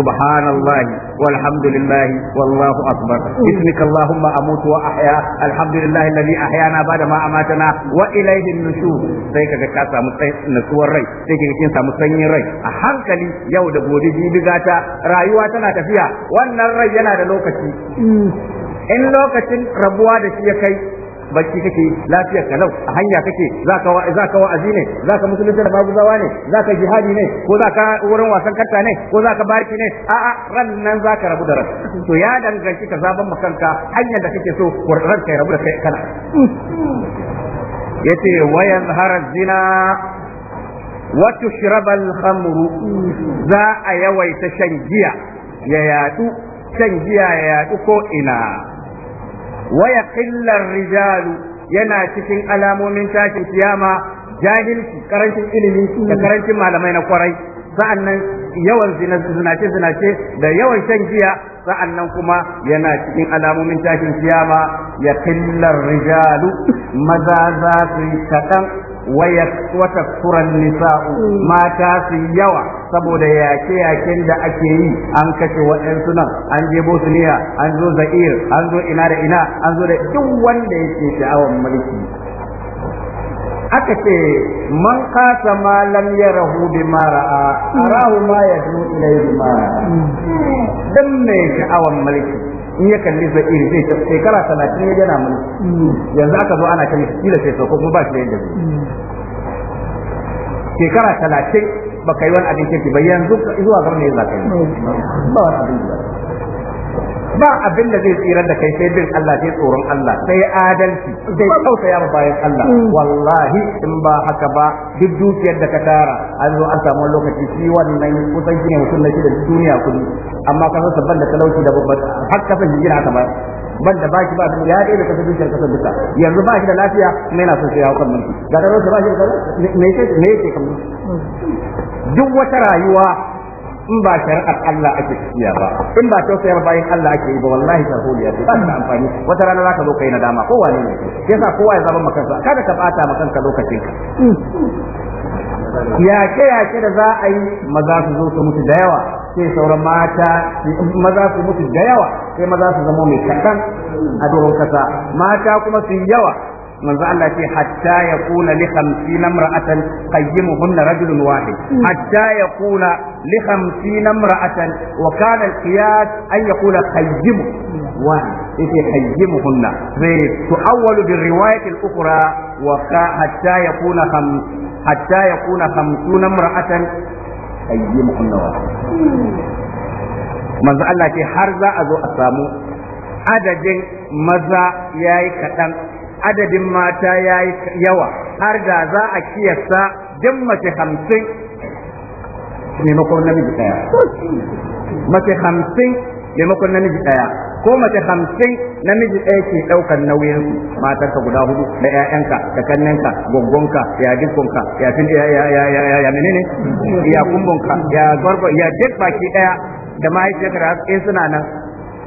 سبحان الله والحمد لله والله أكبر باسمك اللهم أموت وأحيا الحمد لله الذي أحيانا بعد ما أماتنا وإليه النشور سيكا كاسا نسوار ري سيكا كاسا مسنين ري أحنكلي يود بودي بغاتا رايواتنا تفيا وأن الري ينا لوكتي إن لوكتي ربوا دشي كي bacci kake lafiyar ka a hanya kake ka za zaka wa'azi ne ka musulunci da maguzawa ne ka jihadi ne ko ka wurin wasan karta ne ko ka barki ne a a ran nan zaka rabu da ran to ya danganci ka zaban makanka hanyar da kake so ko ran kai rabu da kai kana yace wayan harar zina wata shirabal hamuru za a yawaita shan giya ya yadu shan giya ya yadu ko ina Waya killar rijalu yana cikin alamomin tashin kiyama jahilci karancin ilimi da karancin malamai na kwarai sa'annan yawan zinace zinace da yawan shan giya sa'annan kuma yana cikin alamomin tashin kiyama ya killar rijalu maza za su yi kaɗan wata kuran nisa'u mata su yawa saboda yake yaken da ake yi an kashe waɗansu nan an je bosniya an zo za'ir an zo ina da ina an zo da duk wanda yake sha'awar mulki aka ce man kasa ma lam yarahu bi ma ra'a arahu ma yadu ilayhi ma ra'a dan mai sha'awar mulki in ya kalli za'ir zai ta shekara talatin ya yana mulki yanzu aka zo ana shi kila sai sauko ba shi da yadda zai shekara Bakai wani abin kirki ba yanzu zuwa ga ne za ka yi ba wani abin da ba abin da zai tsira da kai sai bin Allah sai tsoron Allah sai adalci sai tausaya ma bayan Allah mm. wallahi in ba haka ba duk dukiyar da ka tara an zo an samu lokaci shi wannan kusan shine mutum na shi da duniya kudi amma ka san sabban da talauci da babban har ka san gina haka ba ban da baki ba ya dai da kasa dukiyar kasa duka yanzu ba shi da lafiya mai na son sai ya hau mulki ga da ba shi da me yake me yake kan duk wata rayuwa in ba shari'ar Allah ake tafiya ba in ba tausayar bayan Allah ake yi ba wallahi ta holi ya ba da amfani wata rana zaka zo kai nadama ko wane ne yasa kowa ya zama makansa kada ka bata makanka lokacin ka yake yake da za a yi maza su zo su mutu da yawa sai sauran mata maza su mutu da yawa sai maza su zama mai kaɗan a doron kasa mata kuma su yawa manzo Allah ce hatta yakuna li 50 imra'atan qayyimuhunna rajulun wahid hatta yakuna li 50 imra'atan wa kana al-qiyas an yakuna qayyimu wahid yace qayyimuhunna zai tu'awwalu bi riwayat al-ukhra wa hatta yakuna hatta yakuna 50 imra'atan qayyimuhunna wahid manzo Allah ce har za a zo a samu adadin maza yayi kadan adadin mata ya yi yawa har da za a kiyasta duk mace hamsin maimakon namiji ɗaya mace hamsin maimakon namiji ɗaya ko mace hamsin namiji ɗaya ke ɗaukar nauyin matarka guda hudu da ‘ya’yanka da kanninka gongonka ya diskonka ya fi ya ya ya ya ya menene ya kumbonka ya gorgo ya duk baki ɗaya da mahaifiyarka da in suna nan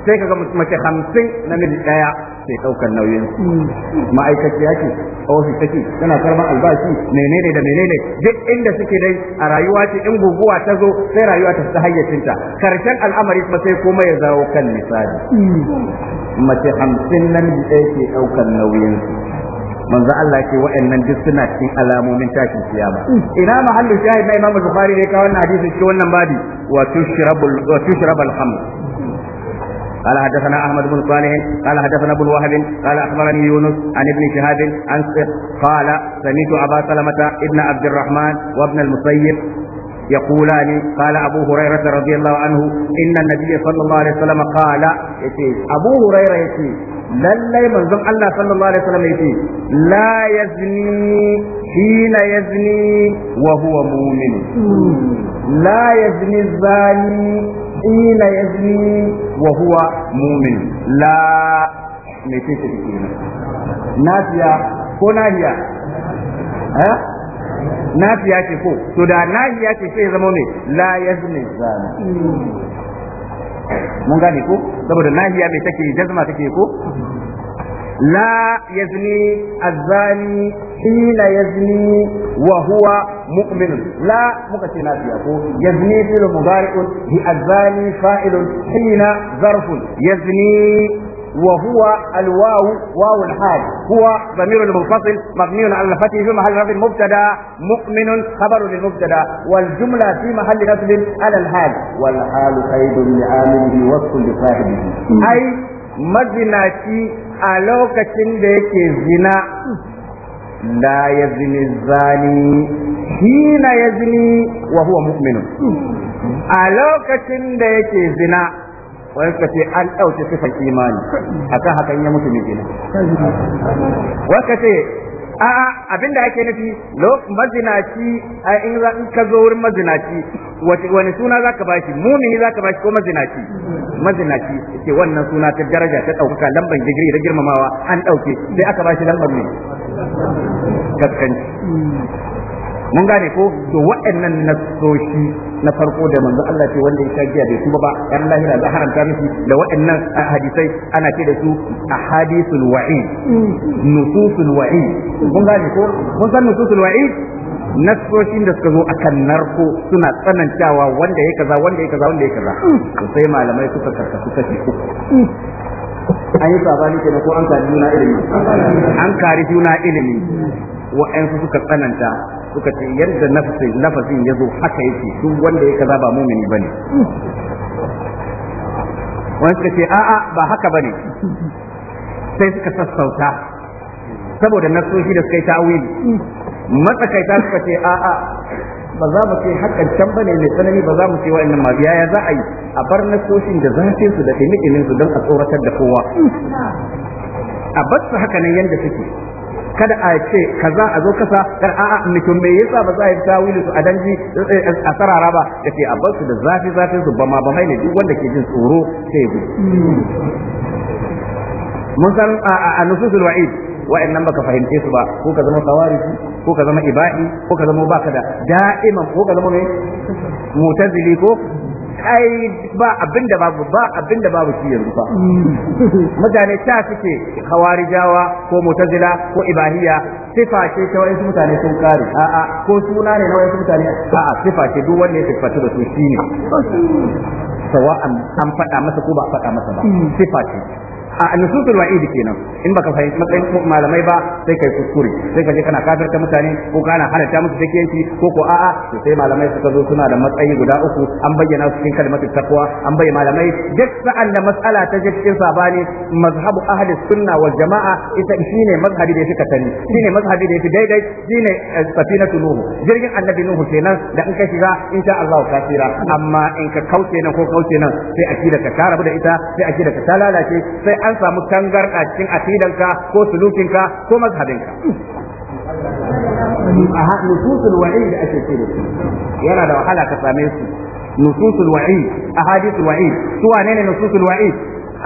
sai kaga mace hamsin namiji ɗaya sai ɗaukar nauyin ma'aikaciya ce ofis take tana karban albashi menene da menene duk inda suke dai a rayuwa ce in guguwa ta zo sai rayuwa ta ta hayyacinta karshen al'amari kuma sai komai ya zawo kan misali mace hamsin nan ɗaya ke ɗaukar nauyin manzo Allah ce wa'annan duk suna cikin alamomin tashin kiyama ina muhallin shahid na Imam Bukhari ne ka wannan hadisi shi wannan babi wa tushrabul wa tushrabul khamr قال حدثنا احمد بن صالح قال حدثنا ابو الوهب قال اخبرني يونس عن ابن شهاب عن قال سمعت ابا سلمه ابن عبد الرحمن وابن المسيب يقولان قال أبو هريرة رضي الله عنه إن النبي صلى الله عليه وسلم قال أبو هريرة يتي للي من ذم الله صلى الله عليه وسلم يتي لا يزني حين يزني وهو مؤمن لا يزني الزاني حين يزني وهو مؤمن لا ميتيتي كينا نافيا كو ناهيا ها nafiya كيفو ko to da nahiya لا يزني زاني mun gane ko saboda nahiya mai take jazma take ko لا يزني الزاني حين يزني وهو مؤمن لا مكتنا يقول يزني فعل مضارع الزاني فاعل حين ظرف يزني وهو الواو واو الحال هو ضمير المنفصل مبني على الفتح في محل رفع مبتدا مؤمن خبر للمبتدا والجملة في محل نصب على الحال والحال قيد لعامله وصف لصاحبه أي mazinaci a lokacin da yake zina la ya zini zani hina ya zini wa huwa mu'minu a lokacin da yake zina wani ka ce an ɗauke sifar imani kan hakan ya mutu ne gina wani ce a'a abinda ake nufi lo mazinaci a in ka zo wurin mazinaci wani suna za ka bashi mumini ka bashi ko mazinaci mazinaci ke wannan suna ta daraja ta ɗaukaka lambar digiri da girmamawa an ɗauke sai aka bashi lamban ne gaskanci mun gane ko to waɗannan nasoshi na farko da manzo Allah ce wanda ya sha giya su tuba ba yan lahira za haramta miki da waɗannan hadisai ana ce da su ahadithul wa'i nususul wa'i mun gane ko mun san nususul wa'i nassoshin da suka zo akan narko suna tsanantawa wanda ya kaza wanda ya kaza wanda ya kaza to sai malamai suka karkasu kashi uku an yi sabani kenan ko an kari juna ilimi an kari juna ilimi wa'ansu suka tsananta suka ce yadda lafazin ya zo haka yake duk wanda ya kaza ba mumini bane wani suka ce a'a ba haka bane sai suka sassauta saboda shi da suka yi ta'awili matsakaita suka ce a'a ba za mu ce hakan can bane mai tsanani ba za mu ce wa'annan ma biya ya za a yi a bar nasoshin da zafin su da ɗimi su don a tsoratar da kowa a bar su haka nan yadda suke kada a ce kaza a zo kasa kar a'a mutum me yasa ba za a yi tawili su a danji eh, eh, a sarara ba yace a bar da zafi zafin su ba ma ba mai ne duk wanda ke jin tsoro sai ya mun san a nususul wa'id wa'annan baka fahimce su ba ko ka zama tawarisi ko ka zama iba'i ko ka zama baka da da'iman ko ka zama mai mutazili ko ai ba abinda babu ba abinda babu shi yanzu ba hmm. mutane ta suke hawarijawa ko mutazila ko ibahiya sifa ce ta wayansu mutane sun kare a'a ko suna ne na wayansu mutane a'a sifa ce duk wanda ya siffatu da su shine hmm. sawa'an an faɗa masa ko ba a faɗa masa ba hmm. sifa ce a nususul wa'idi kenan in baka fahimci matsayin malamai ba sai kai kuskure sai kaje kana kafirta mutane ko kana halatta musu dakiyanci ko ko a'a to sai malamai suka zo suna da matsayi guda uku an bayyana su cikin kalmatul an bayyana malamai duk sa'an da mas'ala ta je cikin sabani mazhabu ahli sunna wal jama'a ita shine mazhabi da yake katani shine mazhabi da yake daidai shine eh, safinatu nuhu jirgin annabi nuhu kenan da in ka shiga insha Allah ka tsira amma in ka kauce nan ko kauce nan sai akida ka rabu da ita sai akida ka ta lalace sai an samu a cikin aqidanka ko sulukinka ko mazhabinka nususul wa'i da ake ce da su yana da wahala ka same su nususul wa'i ahadisul wa'i su wane ne nususul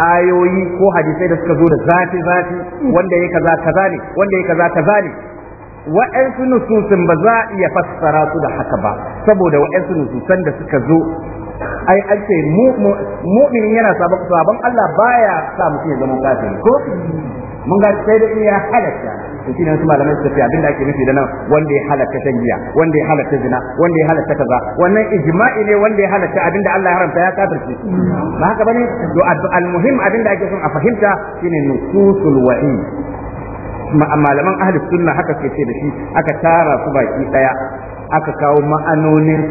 ayoyi ko hadisai da suka zo da zafi zafi wanda ya kaza kaza ne wanda ya kaza kaza ne wa'ansu nususin ba za a iya fassara su da haka ba saboda wa'ansu nususan da suka zo ai an ce mu'minin yana sabon sabon Allah baya sa mutum ya zama kafin ko mun ga sai da ya halatta to shi ne su malaman su tafi abinda ake nufi da nan wanda ya halatta shan wanda ya halatta zina wanda ya halatta kaza wannan ijma'i ne wanda ya halatta abinda Allah ya haramta ya kafirce ba haka bane to al-muhim abinda ake son a fahimta shine nususul wa'id malaman ahli sunna haka ke ce da shi aka tara su baki daya aka kawo ma'anonin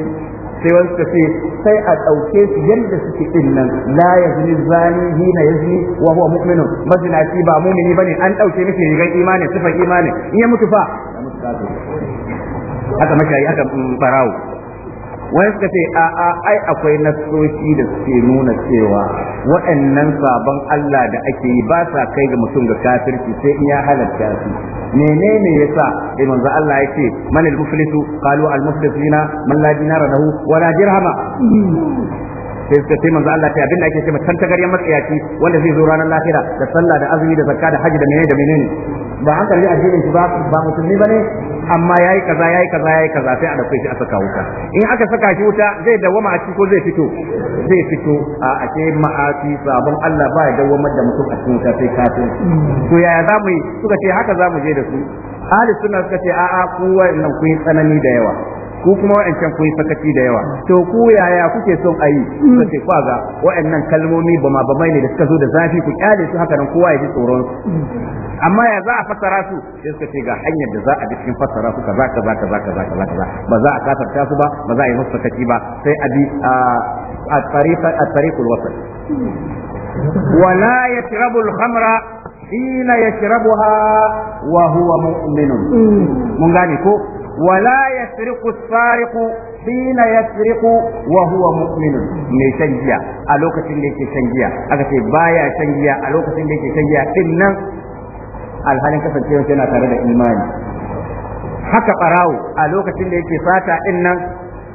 sai wani suka ce sai a ɗauke su yadda suke ɗin nan la ya zini zani hina ya zini wa huwa mu'minu mazinaci ba mumini ne an ɗauke mishi rigar imanin sifar imanin in ya mutu fa haka mashayi haka farawo. Mm, wani suka ce a a ai akwai nasoshi da suke nuna cewa waɗannan sabon Allah da ake yi ba sa kai ga mutum ga kafirci sai in ya halatta su menene yasa da manzo Allah ya ce man al-muflisu qalu al-muflisina man la dinara lahu wa la dirhama sai suka ce manzo Allah ta abin da ake ta tantagaryen matsayaci wanda zai zo ranar lahira da sallah da azumi da zakka da haji da menene da menene ba an kalli addinin shi ba ba ne amma amma yi kaza ya yi kaza ya yi kaza sai a da shi a saka wuta in aka saka shi wuta zai dawwama a ko zai fito zai fito a ake ma'afi sabon Allah ba ya da mutum a cikin wuta sai kafin to yaya za mu yi suka ce haka za mu je da su ahli suna suka ce a'a kowa nan kun yi tsanani da yawa ku kuma wa'ancan ku yi sakaci da yawa to ku yaya kuke son a yi suka ce kwa ga wa'annan kalmomi ba ma bamai ne da suka zo da zafi ku kyale su haka nan kowa ya ji tsoron su? amma ya za a fassara su sai suka ce ga hanyar da za a bi cikin fassara su kaza kaza kaza kaza kaza kaza ba za a kasarta su ba ba za a yi musu sakaci ba sai a bi a tariqa at-tariqul wasat ولا يشرب الخمر حين يشربها وهو مؤمن من غاني ولا يسرق السارق حين يسرق وهو مؤمن mai shan giya a lokacin da yake shan giya aka ce baya shan giya a lokacin da yake shan giya din nan alhalin kasancewa yana tare da imani haka ɓarawo a lokacin da yake fata din nan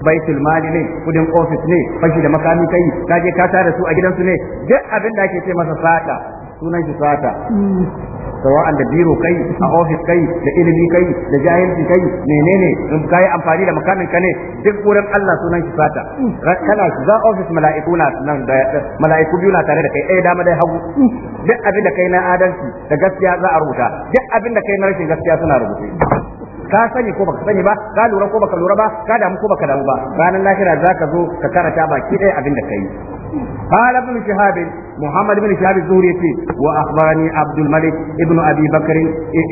baitul mali kudin ofis ne fashi da makami kai ka je ka da su a gidansu ne duk abin da ake ce masa fata sunan shi sata da da biro kai a ofis kai da ilimi kai da jahilci kai menene in kai amfani da makamin ka ne duk wurin Allah sunan shi sata, kana za ofis mala'iku na nan da mala'iku biyu na tare da kai eh dama dai hagu duk abin da kai na adalci da gaskiya za a rubuta duk abin da kai na rashin gaskiya suna rubuce ka sani ko baka sani ba ka lura ko baka lura ba ka damu ko baka damu ba ranar lahira zaka zo ka karanta baki ɗaya abin da kai قال ابن شهاب محمد بن شهاب الزهري واخبرني عبد الملك ابن ابي بكر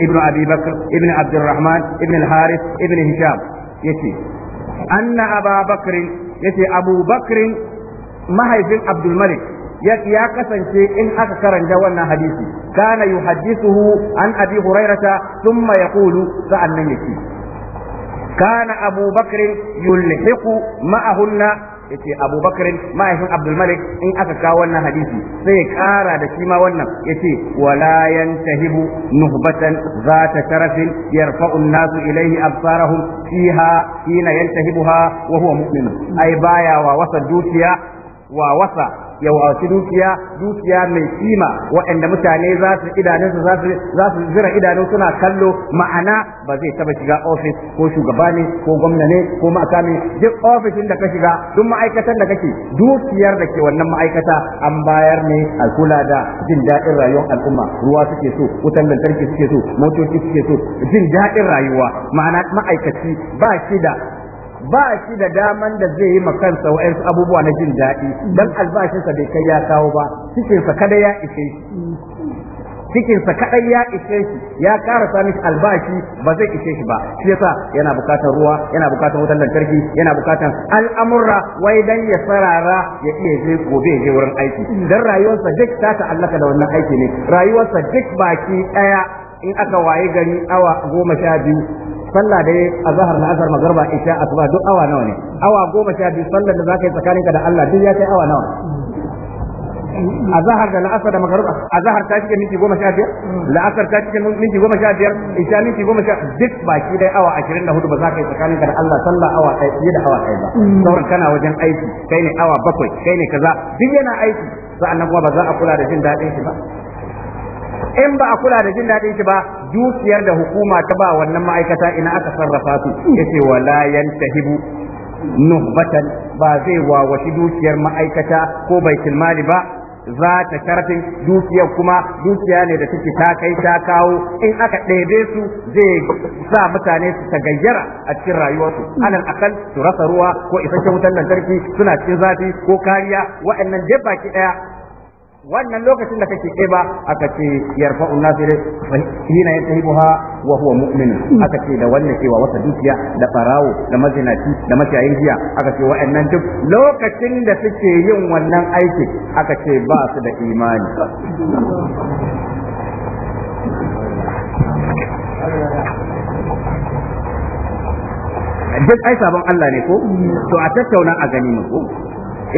ابن ابي بكر ابن عبد الرحمن ابن الحارث ابن هشام يتي ان ابا بكر يتي ابو بكر mahaifin Abdulmalik ya kasance in aka karanta wannan hadisi kana yuhaddithuhu an abi hurairata thumma yaqulu sa'annan yake kana abu bakr yulhiqu ma'ahunna yace Abubakar mahaifin Abdul Malik in aka kawo wannan hadisi sai ya kara da shi ma wannan yace wala yantahibu nuhbatan zata tarafin yarfa'u an-nasu ilayhi absarahum fiha hina yantahibuha wa huwa mu'min ai baya wa wasa dukiya wawasa ya wasu dukiya dukiya mai kima waɗanda mutane za su idanunsu za su zira idanu suna kallo ma'ana ba zai taba shiga ofis ko shugaba ne ko gwamna ne ko ma'aka ne duk ofishin da ka shiga duk ma'aikatan da kake dukiyar da ke wannan ma'aikata an bayar ne a kula da jin daɗin rayuwar al'umma ruwa suke so wutan lantarki suke so motoci suke so jin daɗin rayuwa ma'ana ma'aikaci ba shi da ba shi da daman da zai yi makansa wayansu abubuwa na jin daɗi dan albashinsa bai kai ya kawo ba cikinsa kada ya ishe shi cikinsa ya ishe shi ya karasa mishi albashi ba zai ishe shi ba shi yasa yana bukatar ruwa yana bukatar wutar lantarki yana bukatar al'amurra wai dan ya sarara ya iya je gobe je wurin aiki dan rayuwarsa duk ta ta'allaka da wannan aiki ne rayuwarsa duk baki ɗaya in aka waye gari awa goma sha biyu sallah dai zahar na azhar magarba isha asuba duk awa nawa ne awa goma sha biyu sallar da zaka yi tsakaninka da Allah duk ya kai awa nawa A zahar da la'asar da magharba azhar ta cike minti goma sha biyar la'asar ta cike minti goma sha biyar isha minti goma sha duk baki dai awa ashirin da hudu ba za ka yi tsakaninka da Allah sallah awa ɗaya fiye da awa ɗaya ba sauran kana wajen aiki kai ne awa bakwai kai ne kaza duk yana aiki sa'annan kuma ba za a kula da jin daɗin shi ba in ba a kula da jin daɗin shi ba dukiyar da hukuma ta ba wannan ma'aikata ina aka sarrafa su Ya yace wala yantahibu nuhbatan ba zai wawashi dukiyar ma'aikata ko baitul mali ba za ta karfin dukiyar kuma dukiya ne da take ta kai ta kawo in aka ɗebe su zai sa mutane su gayyara a cikin rayuwarsu alal akal su rasa ruwa ko isasshen wutar lantarki suna cikin zafi ko kariya waɗannan dai baki ɗaya wannan lokacin da kake ce ba aka ce yarfa'u nasir hina yatahibuha wa huwa mu'min aka ce da wannan cewa wata dukiya da farawo da mazinaci da makiyayin jiya aka ce wa'annan duk lokacin da suke yin wannan aiki aka ce ba su da imani duk ai sabon Allah ne ko to a tattauna a gani mu ko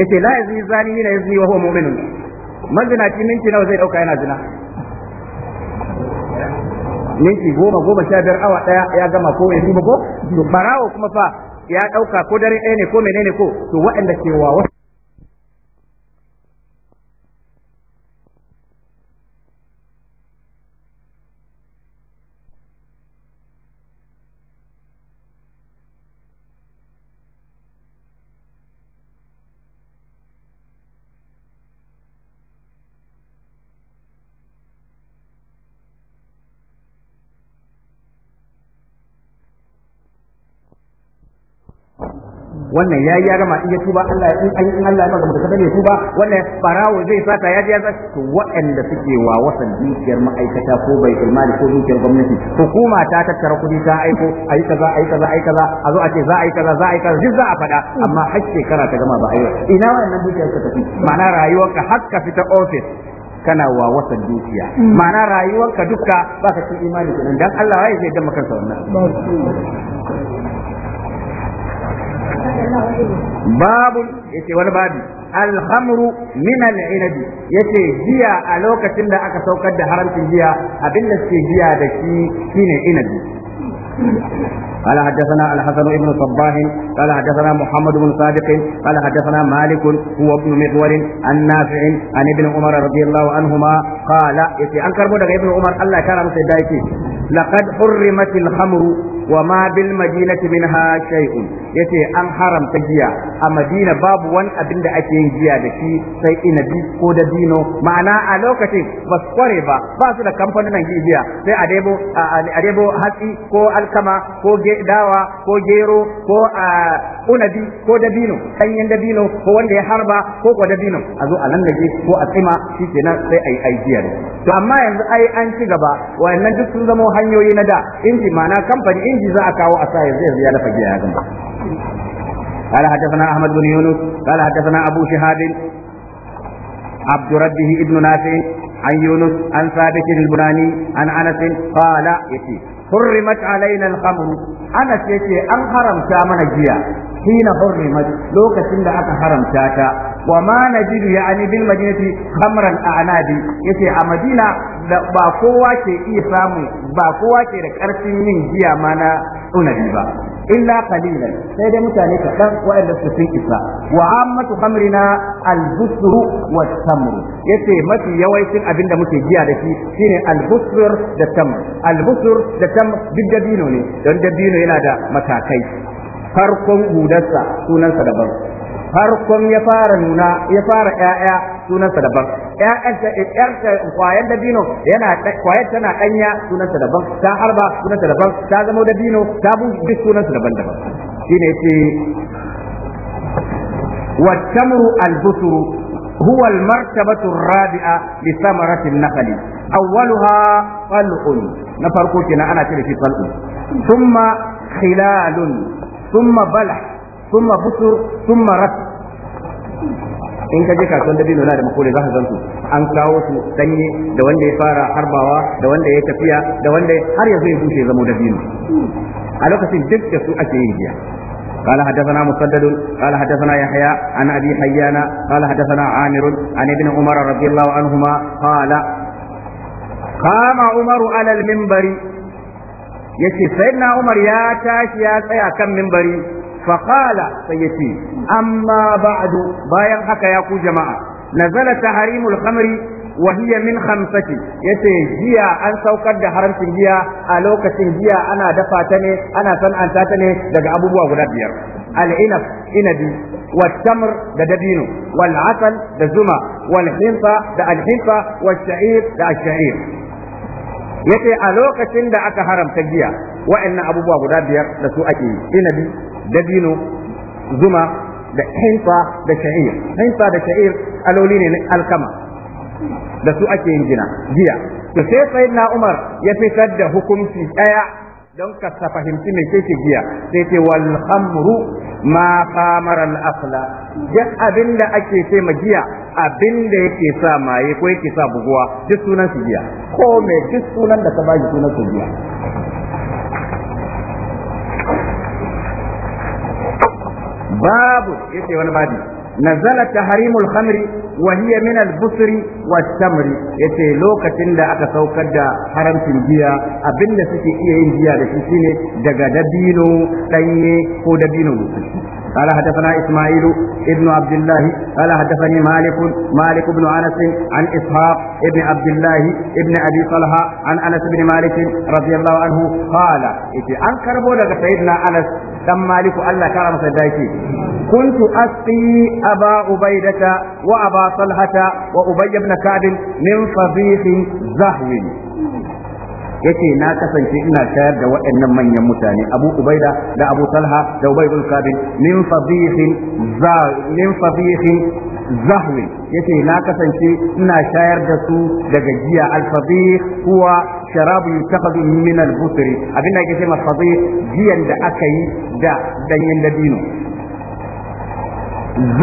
yace la yazi zani ne yazi wa huwa mu'min mazinaci minti nawa zai dauka yana zina minti goma goma sha biyar awa daya ya gama ko ya duba ko to barawo kuma fa ya dauka ko dare ɗaya ne ko menene ko to waɗanda ke wa wannan ya ya gama in ya tuba Allah in an in Allah ya maka mutum ne tuba wannan barawo zai sata ya ji ya to waɗanda suke wa wasan dukiyar ma'aikata ko bai imani ko dukiyar gwamnati hukuma ta tattara kuɗi ta aiko ayi kaza ayi kaza ayi kaza a zo a ce za a yi kaza za a yi kaza duk za a faɗa amma har shekara ta gama ba a yi ina wannan dukiyar ka tafi ma'ana rayuwarka har ka fita ofis kana wa wasa dukiya mm. ma'ana rayuwarka duka baka cikin imani kenan dan Allah ya zai dama kansa wannan babu yace wani babi alhamru min al'inabi yace jiya a lokacin da aka saukar da haramcin giya abinda suke jiya da shi shine inabi قال حدثنا الحسن بن صباح قال حدثنا محمد بن صادق قال حدثنا مالك هو ابن مغور عن نافع عن ابن عمر رضي الله عنهما قال يتي أنكر بودك ابن عمر الله كان مسيدايتي لقد حرمت الخمر وما بالمدينة منها شيء يتي أن حرم تجيا المدينة باب وان أبن دا أكين جيا دكي سي إنبي كودا دينو معنى ألوكتي بس قريبا باسو دا كمفن نجي جيا سي أديبو أديبو هاتي كو الكما كو جي dawa ko gero ko a unabi ko dabino danyen dabino ko wanda ya harba ko ko dabino a zo a langaje ko a tsima shi nan sai a ai ai jiya to amma yanzu ai an ci gaba wayannan duk sun zama hanyoyi na da inji mana kamfani inji za a kawo a sa yanzu yanzu ya dafa giya ya gama قال حدثنا أحمد بن يونس قال حدثنا أبو شهاب عبد ربه ابن نافع عن يونس عن ثابت البناني عن أنس قال يتي hurrimat alaina al-khamru ana ce an haramta mana giya hina hurrimat lokacin da aka haramta ta wa ma najidu ya'ani bil madinati khamran anadi yace a madina ba kowa ke iya samu ba kowa ke da karfin yin giya ma na unabi ba illa Khalila, sai dai mutane kaɗan waɗanda su sun isa wa ammatu khamrina al-busr wa tamr yace mafi yawancin abin da muke giya da shi shine al-busr da tamr al da tamr duk dabino ne don dabino yana da matakai farkon hudarsa sunansa daban harkon ya fara nuna ya fara 'ya'ya sunansa daban ƴarta kwayan dabino yana kwayar tana ɗanya sunansa daban ta harba sunansa daban ta zama dabino ta bu duk sunansa daban daban shine yace wa tamru al-busru هو المرتبة الرابعة لثمرة النخل أولها طلع نفرق كنا أنا في طلع ثم خلال ثم بلح ثم بصر ثم رتب in ka je da dabino na da makole za ka gan an kawo su danye da wanda ya fara harbawa da wanda ya tafiya da wanda har yanzu ya bushe zamo dabino a lokacin duk da su ake yin giya قال حدثنا مسدد قال حدثنا يحيى عن ابي حيان قال حدثنا عامر عن ابن عمر رضي الله عنهما قال قام عمر على المنبر yace sayyidina Umar ya tashi ya tsaya kan minbari فقال سيتي أما بعد باين حكا يا جماعة نزل تحريم الخمر وهي من خمسة yace jiya an saukar da haramcin giya a lokacin giya ana dafa ta ne ana san'anta ta ne daga abubuwa guda biyar al'inab inabi والتمر دا دبينو والعسل دا زما والحنطة دا الحنطة والشعير دا الشعير yace a lokacin da aka haramta giya wa'annan abubuwa guda biyar da su ake yi dabino zuma da hinsa da sha'ir hinsa da sha'ir aloli ne alkama da su ake yin gina jiya. to sai sayyidina umar ya fitar da hukunci daya don ka fahimci me kake giya sai ce wal khamru ma qamara al asla duk abinda ake ce ma giya abinda yake sa maye ko yake sa buguwa duk sunan su giya ko me duk sunan da ka bashi sunan su giya babu yace wani babi nazalat tahrimul khamri wa hiya min al-busri wat-tamri yace lokacin da aka saukar da haramcin jiya abinda suke iya yin jiya da shi ne daga dabino danye ko dabino musulmi قال حدثنا إسماعيل ابن عبد الله قال حدثني مالك مالك بن أنس عن إسحاق ابن عبد الله ابن أبي طلحة عن أنس بن مالك رضي الله عنه قال إذا أنكر بولك سيدنا أنس دم مالك الله كرم سيدايتي كنت أسقي أبا عبيدة وأبا طلحة وأبي بن كعب من فضيح زهو yace na kasance ina shayar da waɗannan manyan mutane Abu Ubaida da Abu Talha da Ubay bin Kabir min fadihin zahwi yace na kasance ina shayar da su daga giya al kuwa huwa sharabu yutakhadhu min al-busr abinda yake cewa fadih jiyan da aka yi da danyen dabino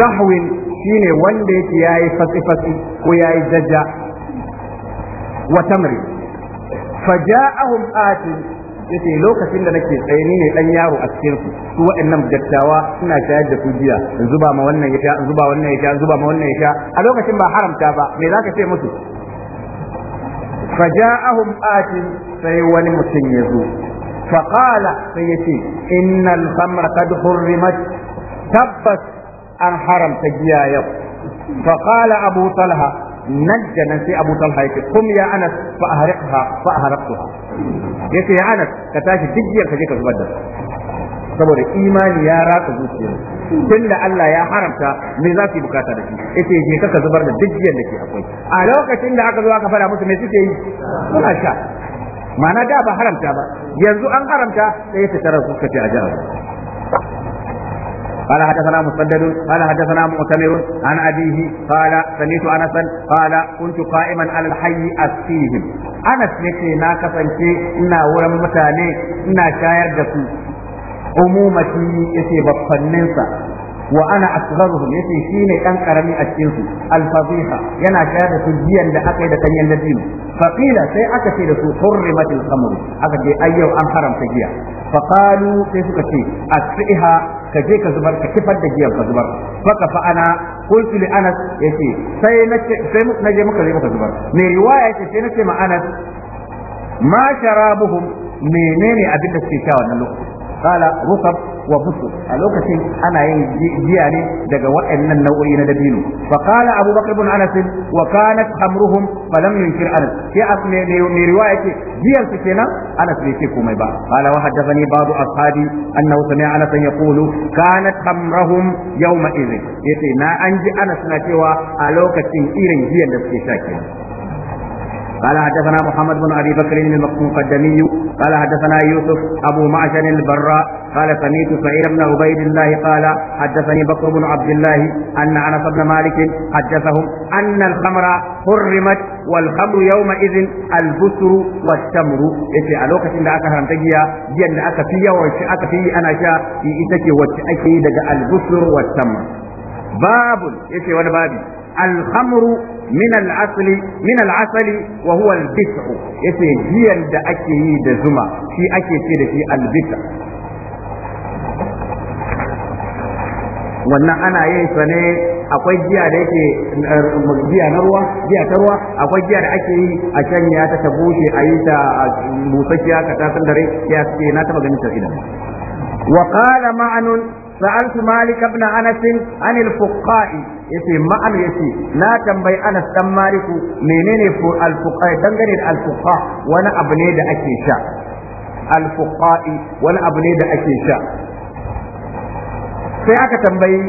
zahwin shine wanda yake yayi fasifasi ko yayi daja wa tamri faja'ahum atin yace lokacin da nake tsaye ni ne dan yaro a cikin su su waɗannan dattawa suna shayar da su jiya zuba ma wannan ya sha zuba wannan ya sha zuba ma wannan ya sha a lokacin ba haramta ba me zaka ce musu faja'ahum atin sai wani mutum ya zo faqala sai yace innal khamra qad hurrimat tabbas an haramta giya yau faqala abu talha nan da nan sai Abu Talha yake kum ya Anas fa ahriqha fa ahraqtuha ya Anas ka tashi ka je ka zubar da saboda imani ya ratsa zuciya da Allah ya haramta me za su bukata da shi yace je ka zubar da dijiyar da ke akwai a lokacin da aka zo aka fara musu me suke yi suna sha ma'ana da ba haramta ba yanzu an haramta sai ta tarar suka ce a jihar قال حدثنا مسدد قال حدثنا مؤتمر عن أبيه قال سمعت أنسا قال كنت قائما على الحي أسقيهم أنس نتي ناكسا شيء إنا ولم متاني إنا شاير دسو عمومتي يتي بطننسا wa ana asgharuhum yace shine ɗan karami a cikinsu, alfaziha, yana shayar da su giyan da aka yi da kanyen dabino faqila sai aka ce da su hurrimat al-khamr aka ce an haramta giya faqalu sai suka ce asfiha ka je ka zubar ka kifar da giyan ka zubar faka fa ana qultu li anas yace sai na sai naje muka je muka zubar me riwaya yace sai ce ma anas ma sharabuhum menene abin da suke sha wannan lokaci qala rukab wa busur a lokacin ana yin giya ne daga waɗannan nau'o'i na dabino fa abubakar abu bakr wa kanat hamruhum fa lam yunkir anas sai ce giyan su kenan anas bai ce komai ba qala wa haddathani ba'du ashabi annahu sami'a anas yaqulu kanat hamrahum yawma idhin yace na an ji anas na cewa a lokacin irin giyan da suke sha kenan قال حدثنا محمد بن ابي بكر المقدمي قال حدثنا يوسف ابو معشر البراء قال سميت سعيد بن عبيد الله قال حدثني بكر بن عبد الله ان انس بن مالك حدثهم ان الخمر حرمت والخمر يومئذ البسر والتمر yace a lokacin da aka haramta giya giyan da aka fi yawan shi aka fi ana sha ita ce wacce ake daga albusur wa tamr babun yace wani babi الخمر من العسل من العسل وهو البتع da ake yi da zuma shi ake أكي da shi البتع wannan ana yin sa ne akwai giya da yake giya na ruwa giya ta ruwa akwai giya da ake yi a can ya ta ta bushe a yi ta busasshiya ka tasan dare ya suke na taba ganin ta idan wa qala ma'anun sa'altu malik ibn anas an al-fuqa'i yace ma'al yace na tambayi Anas dan Maliku menene fu alfuqa dangane da alfuqa wani abu ne da ake sha alfuqa wani abu ne da ake sha sai aka tambayi